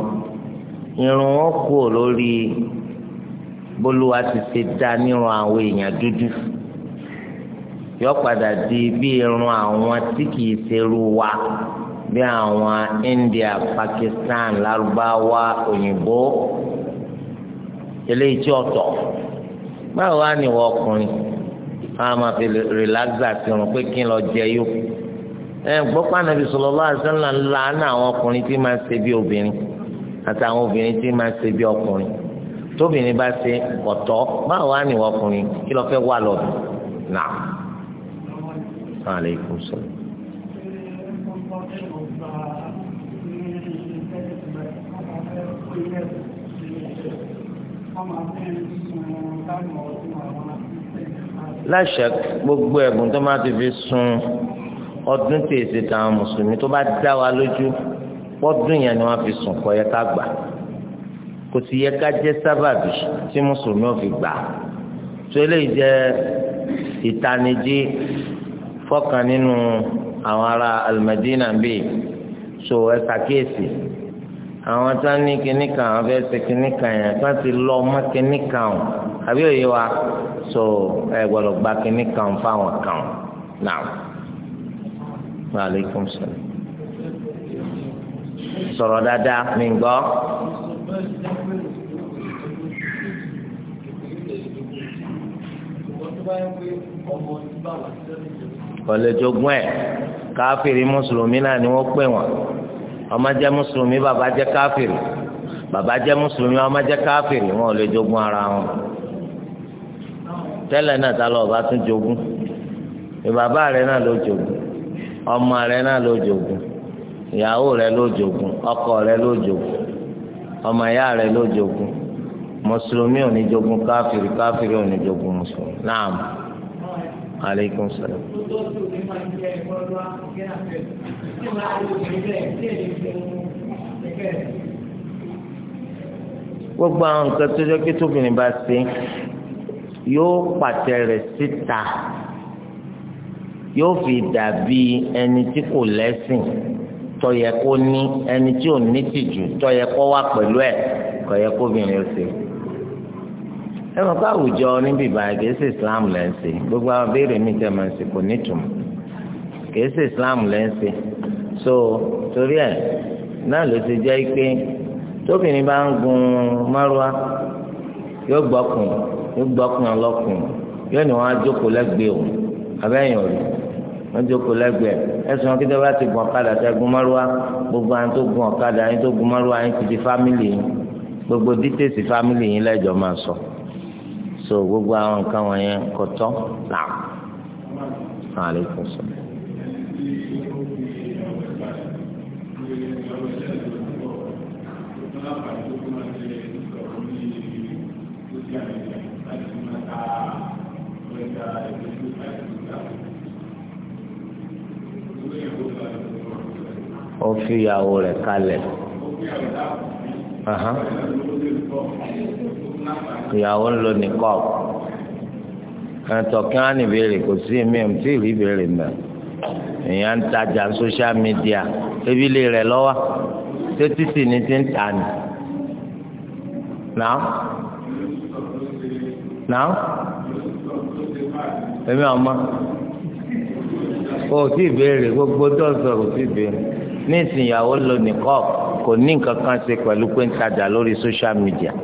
Speaker 1: irun wọn kú lórí bólúwa ti ṣe dá nírun àwọn èèyàn dúdú yọ padà di bí irun àwọn tí kìí ṣerú wa bí àwọn India Pakistan Lárúbáwá òyìnbó. eléyìí tí ọ̀tọ̀ báwo wá ní ìwọ ọkùnrin wọn a máa fi rìlágbà sí wọn pé kí n lọ jẹ yó ẹ gbọ́pọ̀ ànábi sallallahu alaihi wasallam làánà àwọn ọkùnrin tí máa ń ṣe bí obìnrin àtàwọn obìnrin tí máa ń ṣe bí ọkùnrin tóbìnrin bá ṣe ọ̀tọ̀ báwo wá ní ìwọ ọkùnrin kí lọ fẹ́ wà lọ́dún náà. Alaikum salaam.
Speaker 2: láṣak gbogbo ẹ̀bùn tó máa ti
Speaker 1: fi sun ọdún tèèsì táwọn mùsùlùmí tó bá dá wa lójú pọ́dún yẹn ni wọ́n fi sùn kọ́ yẹ ká gbà kò sì yẹ ká jẹ́ sábàbí tí mùsùlùmí ò fi gbà tó eléyìí jẹ́ ìtanijí fọ́kàn nínú àwọn ará almadina bíi so ẹ ṣàkíyèsí. E àwọn tá ní kinní kan àwọn fẹ́ẹ́ ṣe kinní kan yẹn tá ti lọ ọmọ kinní kan o àbí òye wa so ẹ gbọ́dọ̀ gba kinní kan fáwọn kan o náà maaleykum salaam sọ̀rọ̀ dáadáa mi ń gbọ́. kọ̀lẹ́jọ́gún ẹ̀
Speaker 2: káfíìrì mùsùlùmí náà ni wọ́n pè wọ́n
Speaker 1: ọmọ jẹ́ mùsùlùmí bàbá jẹ́ káfìrì bàbá jẹ́ mùsùlùmí ọmọ jẹ́ káfìrì wọn ò lè jogún ara wọn tẹ́lẹ̀ náà ta lọ́ọ́ bá tún jogún bàbá rẹ̀ náà ló jogún ọmọ rẹ̀ náà ló jogún ìyàwó rẹ̀ ló jogún ọkọ rẹ̀ ló jogún ọmọ ìyá rẹ̀ ló jogún mùsùlùmí ò ní jogún káfìrì káfìrì ò ní jogún mùsùlùmí náà
Speaker 2: aleykum salaam.
Speaker 1: gbogbo àwọn nǹkan tó jẹ́ pé tóbìnrin bá ṣe yóò pàtẹ rẹ̀ síta yóò fi dàbí ẹni tí kò lẹ́sìn tó yẹ kó ní ẹni tí ò ní tìjú tó kó wà pẹ̀lú ẹ̀ kò kóbìnrin ó ṣe ẹ mọ̀ pé àwùjọ níbi ìbàdàn kìí ṣe islam lẹ́sẹ̀ gbogbo àwọn béèrè mi tẹ̀ máa ń ṣe kò nítumọ̀ kìí ṣe islam lẹ́sẹ̀ so torí ẹ̀ náà ló ti jẹ́ pé tóbìnrin bá ń gun márùá yóò gbọ́kùn yóò gbọ́kùn ọlọ́kùn yóò ní wọn á jókòó lẹ́gbẹ̀ẹ́ òun abẹ́yìn òru wọn jókòó lẹ́gbẹ̀ẹ́ ẹ̀sùn kí tẹ́wọ́ ti gun ọ̀kadà tẹ́ gun márùá gbogbo àwọn tó gun ọ̀kadà yín tó gun márùá yín ti di fámìlì yín gbogbo dítèsì fámìlì yín lẹ́jọ́ máa sọ. So so gbogbo àwọn nǹkan wọ̀nyẹn kò tọ́ náà
Speaker 2: alaikum salaam.
Speaker 1: ó fi ìyàwó rẹ̀ kalẹ̀
Speaker 2: ìyàwó ń lo nìkọ́ọ̀ ẹ̀tọ́ kí wọ́n á ní
Speaker 1: ìbéèrè kò sí èmi ò tí rí ìbéèrè mọ́ èèyàn ń tajà social media ebi lè rẹ̀ lọ́wọ́ títí sì ní ti ń tà ní. náà
Speaker 2: náà èmi ọmọ
Speaker 1: kò tí ì béèrè gbogbo tó ń sọ kò tí ì béèrè ní ìsìnyàwó lo nìkọ́ọ̀ kò ní nǹkan kan ṣe pẹ̀lú pé ń tajà lórí social media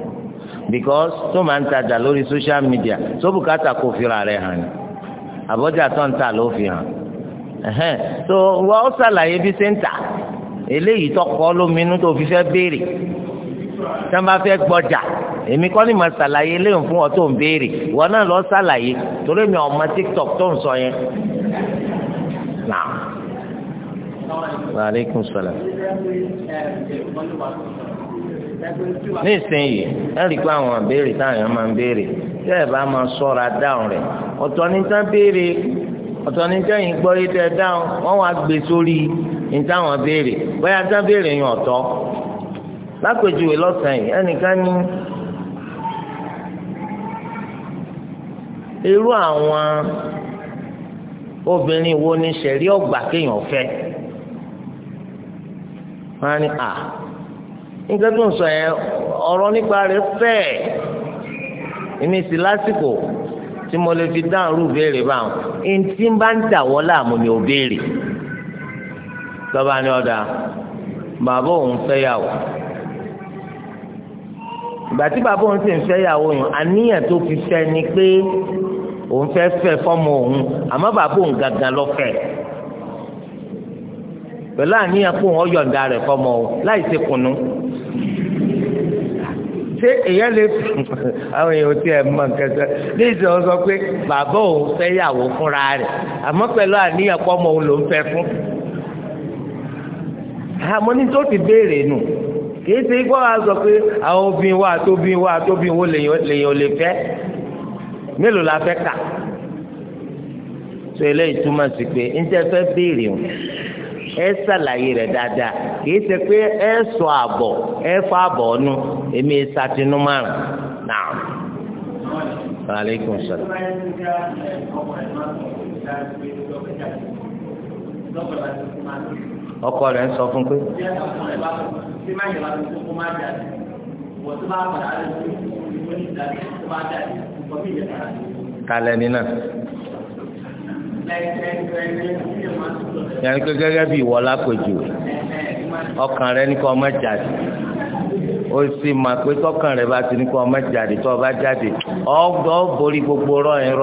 Speaker 1: because tó máa ń tajà lórí social media tó bùkátà kò fira rẹ̀ hàn ní àbọ̀jà tó ń tà ló fi hàn ẹ̀hẹ́n tó wọ́n ó ṣàlàyé bí ṣe ń tà eléyìí tó kọ́ lóminú tó fi fẹ́ béèrè tí wọ́n bá fẹ́ gbọ́jà èmi kọ́ ni mà ṣàlàyé léyìn fún ọ tó ń béèrè wọn náà lọ ṣàlàyé torí mi ò tiktok tó ń sọ yẹn
Speaker 2: Wa alaikum salaam nísìnyí ẹ rí i pé àwọn àbẹ̀rẹ̀
Speaker 1: táwọn máa ń béèrè tẹ́ ẹ bá máa sọ́ra dáhùn rẹ̀ ọ̀tọ̀ ní tán béèrè ọ̀tọ̀ ní tán yìí gbọ́ yìí tẹ́ dáhùn wọ́n wá gbé sórí ní táwọn béèrè bóyá tán béèrè yẹn ọ̀tọ̀ lápèjúwe lọ́sàn-án yìí ẹnìkan ní irú àwọn obìnrin wo ni sẹ̀rí ọgbà kéèyàn fẹ́ wọ́n á ní à nǹkan tó ń sọ yẹn ọ̀rọ̀ nípa rẹ̀ fẹ́ èmi sì lásìkò tí mo lè fi dáhùn rú béèrè báwọn ẹni tí ń bá ń dà wọ́n láàmú ni ò béèrè lọ́ba ni ọ̀dà bàbá òun fẹ́yàwó ìgbà tí bàbá òun sì ń fẹ́yàwó yẹn àníyàn tó fi fẹ́ ni pé òun fẹ́ fẹ́ fọ́mọ òun àmọ́ bàbá òun gangan ló pẹ̀lú àníyàn kó wọn yọ̀ǹda rẹ̀ fọmọ o láì ṣe kùnú ṣé èèyàn lè àwọn èèyàn tí ẹ mọ nǹkan sọ ní ìsìn wọn sọ pé bàbá òun fẹ́ yàwó fúnra rẹ̀ àmọ́ pẹ̀lú àníyàn kó ọmọ òun ló ń fẹ́ fún àmọ́ ní tó ti béèrè nù kìí ṣe ikú wa sọ pé àwọn obìnrin wa àtòbìnrin wa àtòbìnrin wo lèèyàn lè fẹ́ mélòó la fẹ́ kà tó eléyìí túmọ̀ sí pé ń tẹ́ fẹ́ béèrè o. ẹ ṣàlàyé rẹ̀ dáadáa kìí ṣe pé ẹ sọ àbọ̀ ẹ fa àbọ̀ ọ̀nù èmi ṣàtinú márùn náà.
Speaker 2: Aleykum salaam. Ọkọ
Speaker 1: ń
Speaker 2: yẹn kí gẹ́gẹ́ bí ìwọ lápèjù ọkàn rẹ ní kó má jáde ó
Speaker 1: sì máa pé tọkàn rẹ bá ti ní kó má jáde tó bá jáde ọgbọ borí gbogbo rọ yẹn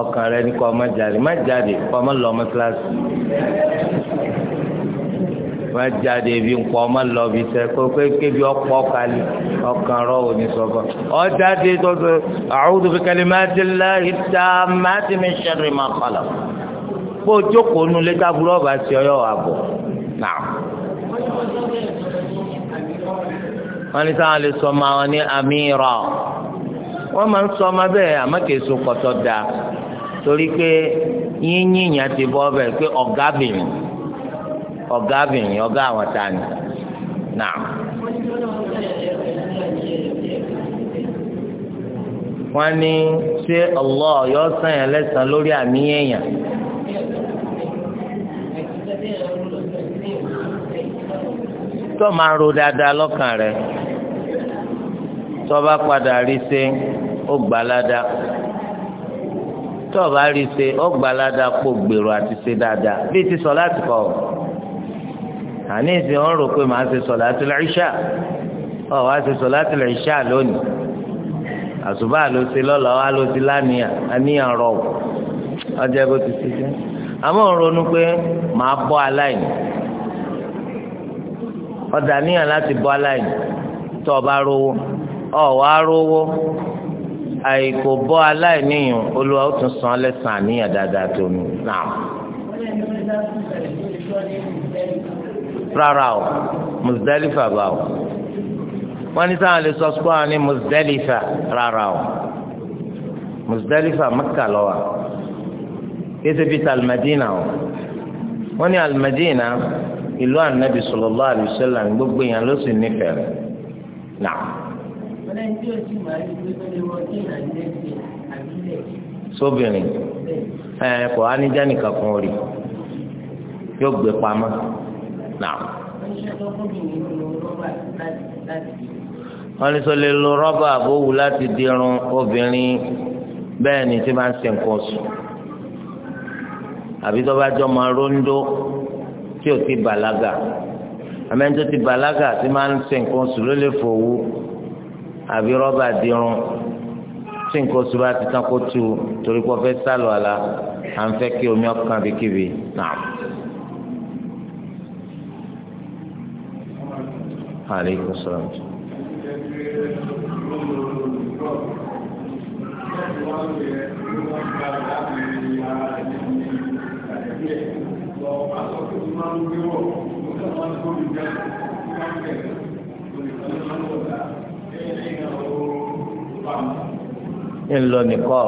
Speaker 1: ọkàn rẹ ní kó má jáde má jáde kó má lọ kíláàsì wọn jáde ibi ńpọ ọmọ lọ bí sẹ kó kébi ọ̀pọ̀ kálí ọkàn rọ òní sọfọ ọjáde tọsọ a'udhu bi kalimatillahi tammati min sharri ma khalaq kó jókòó nulẹ̀ tábúrò ọba sí ọyọ àbọ náà wọ́n ní sáwọn lè sọ ma wọn ní amíra wọ́n máa ń sọ ma bẹ́ẹ̀ àmọ́kèso kọ́tọ́ da torí pé yín yín yàn ti bọ́ bẹ́ẹ̀ pé ọ̀gá bìnrin ọ̀gá ọgá ọ̀gá àwọn ta ni náà. wọ́n ní ṣé Allah yọ sàn yẹn án lórí àníyàn èèyàn. tó máa ro dáadáa lọ́kàn rẹ̀ tó bá padà rí ṣe ó tó bá rí ṣe ó kó gbèrò àti ṣe dáadáa bí ti sọ láti kọ àní ìsìn wọn rò pé màá ṣe sọ̀láàtì ìṣà ọ̀ wá ṣe sọ̀láàtì ìṣà lónìí àṣùbà ló ṣe lọ́la wa ló ti lánìyàn àníyàn rọ̀ ọjọ́ bó ti ṣe jẹ́ àmọ́ ń ronú pé màá bọ́ aláìní ọ̀dà níyàn láti bọ́ aláìní tó o bá rówó ọ̀ wá rówó àìkò bọ́ aláìníyàn olúwa ó tún san lẹ́sàn-án àníyàn dáadáa tó nù náà rárá o Muzdalifa bá o wọ́n ní sáà lè sọ sukú àwọn ní Muzdalifa rárá o Muzdalifa Mẹ́kà ló wà kéde bíi alimadina o wọ́n ní alimadina ìlú anabi sallallahu alaihi wasallam gbogbo yẹn ló sì nífẹ̀ẹ́ rẹ̀ náà. sóbìnrin ẹ kò á ní jẹ́ nìkan kan rí yóò gbé pamọ́ náà. wọ́n ní sọ lè lo rọ́bà àbówù láti dirun obìnrin bẹ́ẹ̀ ni tí máa ń ṣe nǹkan oṣù àbí tó bá jọ máa róńdó tí ò ti bàlágà àmẹ́ńtó ti bàlágà tí máa ń ṣe nǹkan oṣù ló lè fòwú àbí rọ́bà dirun tí nǹkan oṣù bá ti tán kó tu torí pé ọ fẹ́ sálọ àlà à ń fẹ́ kí omi ọkàn bíkíbi náà. عليكم السلام ń lọ nìkọ́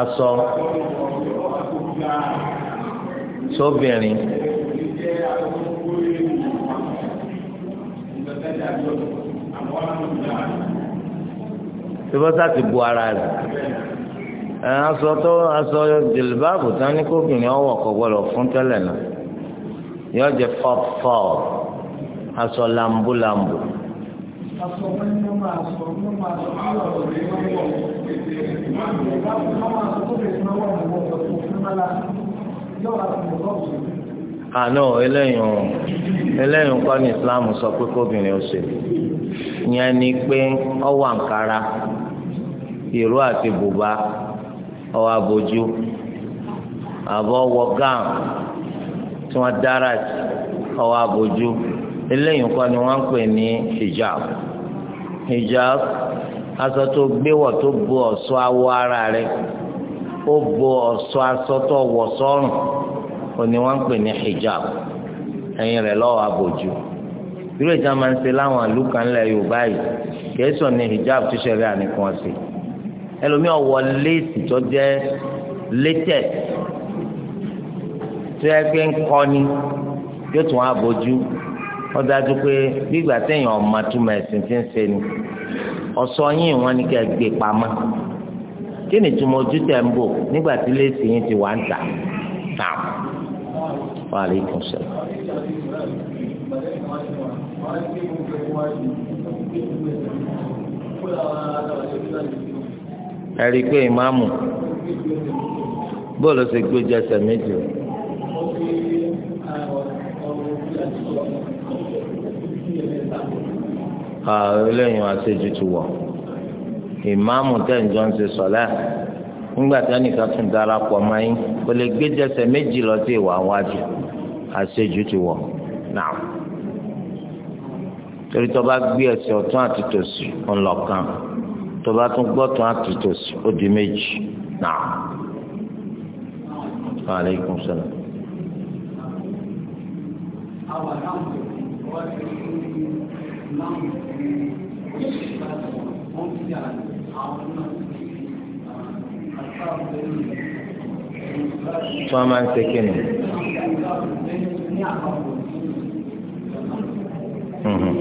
Speaker 1: aṣọ sóbìnrin tibọ́sà ti bu ara rẹ̀ aṣọ tó aṣọ jìlbáàbù tán ní kóbìnrin ọwọ́ kò gbọ́dọ̀ fún tẹ́lẹ̀ náà yóò jẹ fọ́ọ̀fọ́ aṣọ làǹbùlàǹbù.
Speaker 2: Yọ̀wá ti mọ̀ lọ́wọ́.
Speaker 1: àná ah, eléyìí eléyìí kọ́ ní Islam sọ pé kóbìnrin ó ṣe ìyẹn ni pé ọwọ́ àǹkárá ìró àti bùbá ọwọ́ abojú àbọ̀ gáàm tí wọ́n dára ọwọ́ abojú eléyìí kọ́ ni wọ́n ń pè ní hijab hijab aṣọ tó gbéwọ̀ tó awọ ara rẹ̀ ó bo ọ̀ṣọ́ aṣọ tó wọ̀ òní wọ́n pè ní hijab ẹ̀yìn rẹ̀ lọ́wọ́ àbòjú irú ìjà máa ń ṣe láwọn àlùkà ńlẹ̀ Yorùbá yìí kẹsàn ní hijab tó ṣe rí àníkan ọ̀sẹ̀ ẹlòmíì ọ̀wọ́ léètì tó jẹ́ létẹ̀ tó yẹ pé ń kọ́ni yóò tún àbòjú ó dájú pé gbígbà téèyàn ọ̀ma túmọ̀ ẹ̀sìn ti ń ṣe ni ọ̀sọ́ yín wọn ni kẹ́ ẹ gbé pamọ́ kí ni túmọ̀ ojú tẹ̀ ń bò nígbà tí léètì yín ti wà ń tà náà wa alaikum salam. ẹ rí i pé ìmáàmù bóòlù ṣe gbójú ẹsẹ̀ méjì o. eléyìí wọn àṣejù ti wọ̀ ìmáàmù tẹ̀ ń jọ ń ṣe sọ̀lá nígbà tí ẹnìkan tún darapọ̀ mọ́ yín kò lè gbé jẹsẹ̀ méjì lọ sí ìwà wájú àṣejù ti wọ̀ náà torí tó bá gbé ẹsẹ̀ ọ̀tún àti tòsì ńlọ̀kan tó bá tún gbọ́tún àti tòsì ó di méjì náà.
Speaker 2: Aleykum salaam tí wọ́n máa ń ṣe kí ni. Mhm.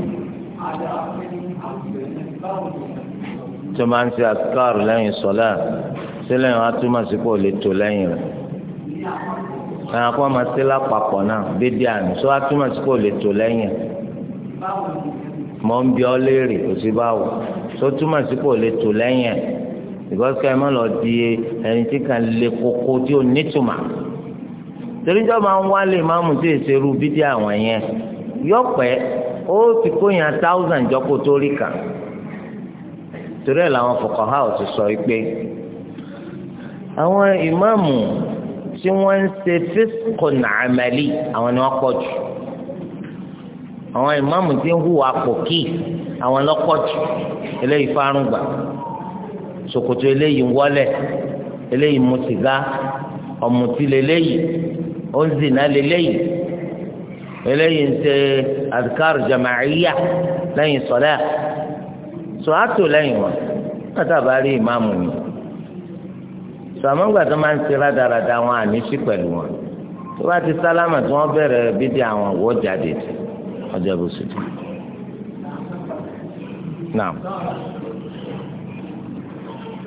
Speaker 1: tí wọ́n máa ń ṣe àkàrò lẹ́yìn sọ́lá sí lẹ́yìn wọ́n á túmọ̀ sí pé ò lè tò lẹ́yìn rẹ̀ àwọn akọ́ máa ṣe lápapọ̀ náà bíbí àná sọ wá túmọ̀ sí kò lè tò lẹ́yìn mọ̀ ń bí ọ léèrè kò sí báwò sọ túmọ̀ sí kò lè tò lẹ́yìn because ká ẹ má lọ di ẹni tí kan lè koko tí ó nítumà torí jọ máa ń wálé máàmù tí èsè ru bídí àwọn yẹn yọpẹ ó ti kó yẹn thousand jọ kó tó rí kàn torí ẹ làwọn fọkànhá ò ti sọ pé àwọn ìmáàmù tí wọ́n ń ṣe fisikun amali àwọn ni wọ́n pọ̀ jù àwọn ìmáàmù tí ń hùwà pòkì àwọn lọ́pọ̀ jù eléyìí fárúgbà ṣòkòtò eléyìí ń wọlẹ̀ eléyìí mu sìgá ọ̀mùtí leléyìí ó ń eléyìí ń ṣe adkar jama'iyya lẹ́yìn sọ̀lá sọ àtò lẹ́yìn wọn látàbá rí ìmáàmù mi sọ àmọ́ gbà tó máa ń ṣe rádaràda wọn àní sí pẹ̀lú wọn tó bá ti sálámà tí wọ́n bẹ̀rẹ̀ bídí àwọn òwò jáde ọjọ́ ìbùsùn. Naam. No.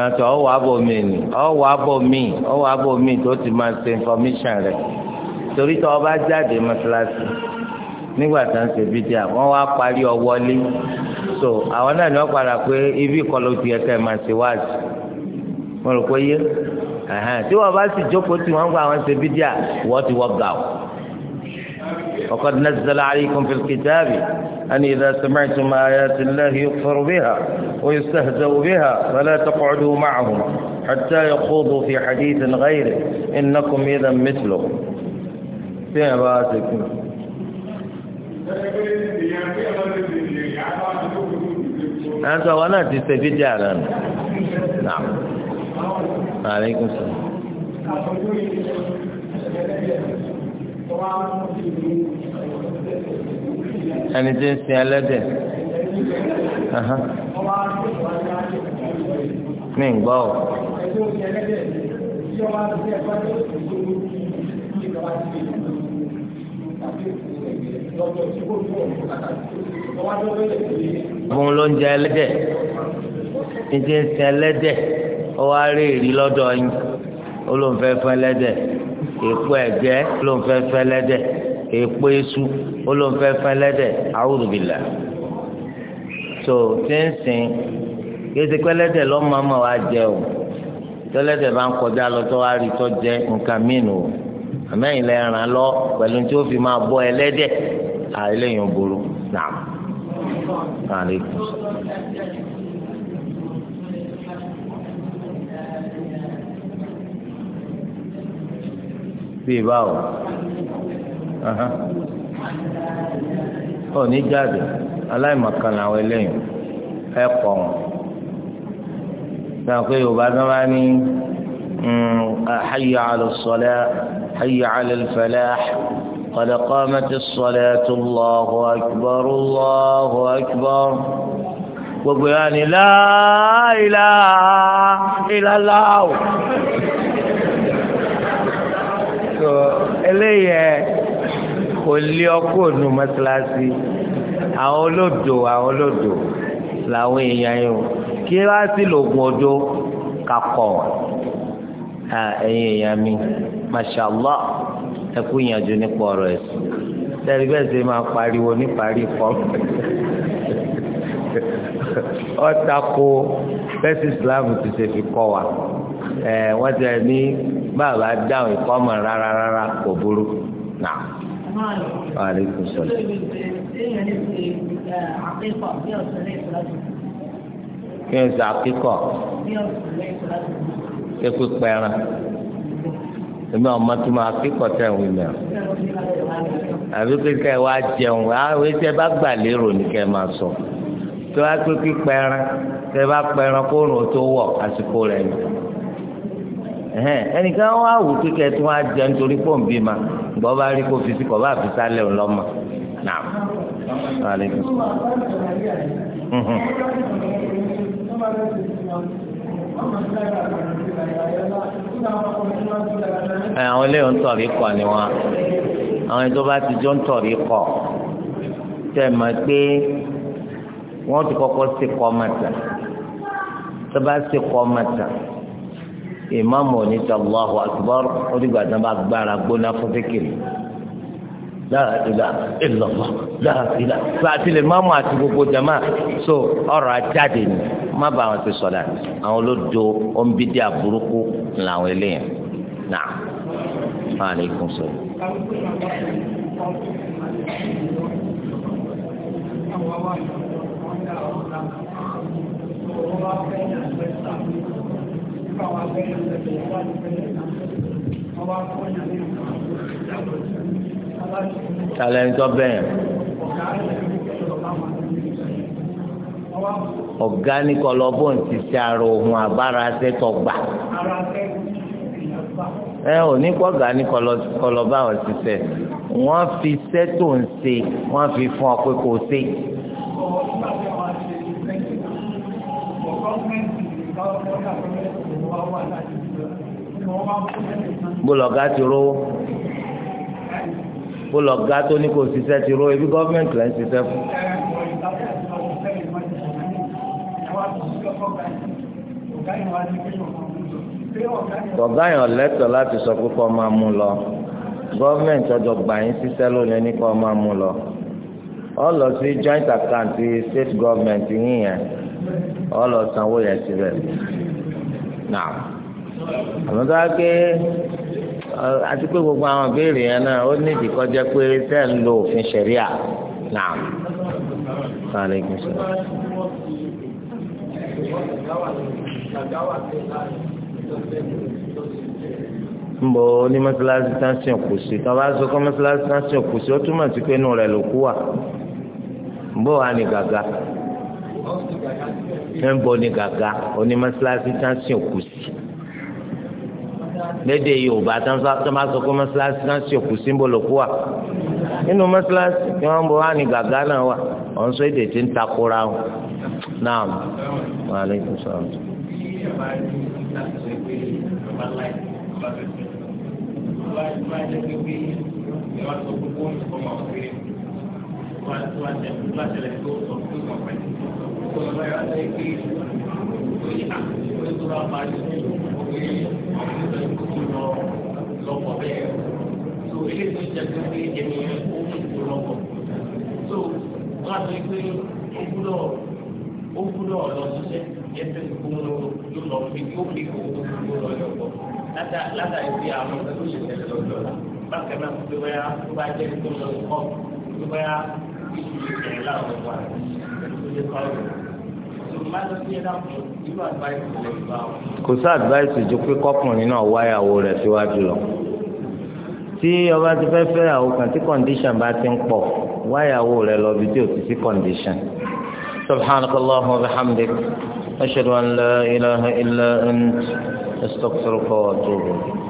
Speaker 1: àtọ ọwọ abọ mi ni ọwọ abọ mi ọwọ abọ mi tó ti máa ṣe information rẹ torí tó ọba jáde mọ́ṣáláṣí nígbà tá à ń ṣe bídíà wọn wá parí ọwọ lé so àwọn náà ni wọn padà pé ibi ìkọlù tiẹ̀ kẹ máa ṣe wáàsì wọn rò pé yé tí wọn bá sì jókòó tí wọn gba àwọn ṣe bídíà wọn ti wọ gàù ọkọ dín náà ti sọlá àríkùn fil kitabi. أن إذا سمعتم آيات الله يكفر بها ويستهزأ بها فلا تقعدوا معهم حتى يخوضوا في حديث غيره إنكم إذا مثلهم في عبادكم
Speaker 2: أنت وأنا تستفيد جعلا نعم
Speaker 1: عليكم السلام
Speaker 2: Thank you. ẹni tí ń sin ẹlẹ́dẹ̀ mi ń gbọ́ ọ.
Speaker 1: Fún ló ń jẹ ẹlẹ́dẹ̀, ní ti ń sin ẹlẹ́dẹ̀, ó wá rí èrí lọ́dọ̀ yín, ó ló ń fẹ́ fẹ́ ẹlẹ́dẹ̀, èpo ẹ̀gẹ́ ló ń fẹ́ fẹ́ ẹlẹ́dẹ̀ èèpo esu olóńfẹ́fẹ́ lẹ́dẹ̀ àwùrùbìlà tó tí ń sìn kéde pẹ́lẹ́dẹ̀ lọ́mọ́mọ́ wa jẹ o tẹ́lẹ́dẹ̀ bá ń kọjá lọ tó wá rí tó jẹ nǹkan mìíràn o àmẹ́yìn lẹ́ ràn án lọ pẹ̀lú tí ó fi máa bọ́ ẹlẹ́dẹ̀ àìlẹ́yìn òboro náà. bí báwo ọ̀ ní jáde aláìmọ̀kan làwọn eléyìí ẹ̀ kọ̀ wọ́n sàkó yorùbá náà wá ní hmm, hayya ala salah hayya ala falah qad qamatis salatu Allahu akbar Allahu akbar gbogbo yà ni la ilaha eléyìí ẹ kò lé ọkọ̀ nù mọ́sálásí àwọn olódò àwọn olódò làwọn èèyàn yìí kí wá sí lògùn odò kakọ̀ ẹ̀yin èèyàn mi mashallah ẹkú ìyànjú nípa ọ̀rọ̀ ẹ̀sìn tẹ́lẹ̀ bẹ́ẹ̀ ṣe máa pariwo níparí fọ́ọ̀mù ọ̀tako bẹ́sì islam ti ṣe fi kọ́ wa ẹ̀ wọ́n ti ẹ̀ ní bàbá dáhùn ìkọ́mọ̀ rárá rárá kò burú.
Speaker 2: Aleykum salaam. Kí ni sọ akíkọ̀?
Speaker 1: Kéku pẹran. Èmi ọmọ tó máa kíkọ̀ tẹ̀ ń wílẹ̀. Àbí kíkẹ́ wa jẹun, àwọn ètò ẹ bá gbà lérò ní kẹ́ máa sọ. Tó wá pé pípẹ́ran, tẹ bá pẹran kó rùn tó wọ̀ àsìkò rẹ̀ ni. Ẹnìkan wá wù kíkẹ́ tó wá jẹun torí pọ̀ ń bí ma bọ́ bá rí kó fi sí kọ́ bá fi sálẹ̀ ńlọ́mọ náà aleykum.
Speaker 2: àwọn ilé ń tọ̀rí kọ ni wọn
Speaker 1: àwọn ètò bá ti jọ ń tọ̀rí kọ tẹ̀ mọ́ pé wọ́n ti kọ́kọ́ ṣe kọ́ mọ̀tà tó bá ṣe kọ́ mọ̀tà ìmáàmù òní ti Allahu akbar ó dìgbà tí wọ́n bá gbára gbóná fún kékeré láàdìlà ìlọ̀lọ̀ láàdìlà láàdìlà máàmù àti gbogbo jama so ọ̀rọ̀ ajáde ni má bàa wọn ti sọ̀dà àwọn olódo ọ̀nbídé àbúrúkú làwọn eléyàn náà máa lè kún sọ.
Speaker 2: Thank you nípa àwọn abẹ́rẹ́ ìṣẹ̀lẹ̀ ìwà ìpínlẹ̀ náà wọ́n wá fún ìyàn ní ìgbà talẹ́ńtọ́ bẹ́ẹ̀
Speaker 1: ọ̀gá ní kọlọ́bù ń ti ṣe ara ohun àbára ṣètò gbà ẹ ò ní kọ́ ọ̀gá ní kọlọ́bù ti ṣe wọ́n fi ṣètò ń ṣe wọ́n fi fún ọ pé kò ṣe.
Speaker 2: Thank bó lọ́gá ti rówó
Speaker 1: bó lọ́gá tó ní kò ṣiṣẹ́ ti rówó ebi gọ́ọ̀mẹ̀ntì lẹ́ ń ṣiṣẹ́ fún.
Speaker 2: ọ̀gá yẹn lẹ́tọ̀
Speaker 1: láti sọ pé kọ́ máa mú lọ gọ́ọ̀mẹ̀ntì ọjọ́ gbà yín ṣiṣẹ́ lónìí ní kọ́ máa mú lọ ọ lọ sí joint account state government yín yẹn ọ lọ sanwó yẹn síbẹ̀. náà àmọ́ tó wá àti pé gbogbo àwọn ìbéèrè yẹn náà ó ní ìdíkọ́jẹ́ pé tẹ́ ń lo òfin ṣẹ̀ríà náà.
Speaker 2: Aleykum salaam.
Speaker 1: Mbọ̀ ní mọ́sálásí táǹsì òkú sí. Tọ́ba sọ pé mọ́sálásí táǹsì òkú sí, ó túmọ̀ sí pé inú rẹ̀ ló kú wà. Mbọ̀ wà ní mẹ́ńbọ̀ ni gàgà onímọ̀síláṣí tí wọ́n sìn òkú sí lédè yorùbá tí wọ́n bá sọ pé mọ̀síláṣí tí wọ́n sìn òkú sí ń bọ̀ lóko wa nínú mọ̀síláṣí tí wọ́n bọ̀ wá ní gàgà náà wà ọ̀n sọ èdè tí ń takora wọn náà wà lẹ́yìn sọ̀rọ̀.
Speaker 2: Thank you lọ́pọ̀ bẹ́ẹ̀ so ilé tó jẹ pé pé ẹni yẹn ó ń tó lọ́pọ̀ so wọ́n á sọ pé ó gbúdọ̀ ó gbúdọ̀ lọ ṣiṣẹ́ ẹsẹ̀ gbogbo yóò lọ fi ó fi kó gbogbo lọ lọ́pọ̀ látàrí bí àwọn ọ̀sẹ̀ tó ṣẹ̀ṣẹ̀ lọ lọ la bákan náà tó bẹ́ẹ̀ tó bá jẹ́ tó lọ kọ́ tó bẹ́ẹ̀ tó ṣe ìṣẹ̀lẹ̀ láwọn ọ̀pọ̀ àti ìṣẹ̀lẹ̀ tó ṣe fáwọn kò sí advice ju pé kọkùnrin
Speaker 1: náà wáyàwó rẹ̀ síwájú lọ tí ọba ti fẹ́ fẹ́ àwọn kan tí condition bá ti ń pọ̀ wáyàwó rẹ̀ lọ bí tí ò ti sí condition. سبحانك اللهم وبحمدك أشهد أن لا إله إلا أنت أستغفرك وأتوب إليك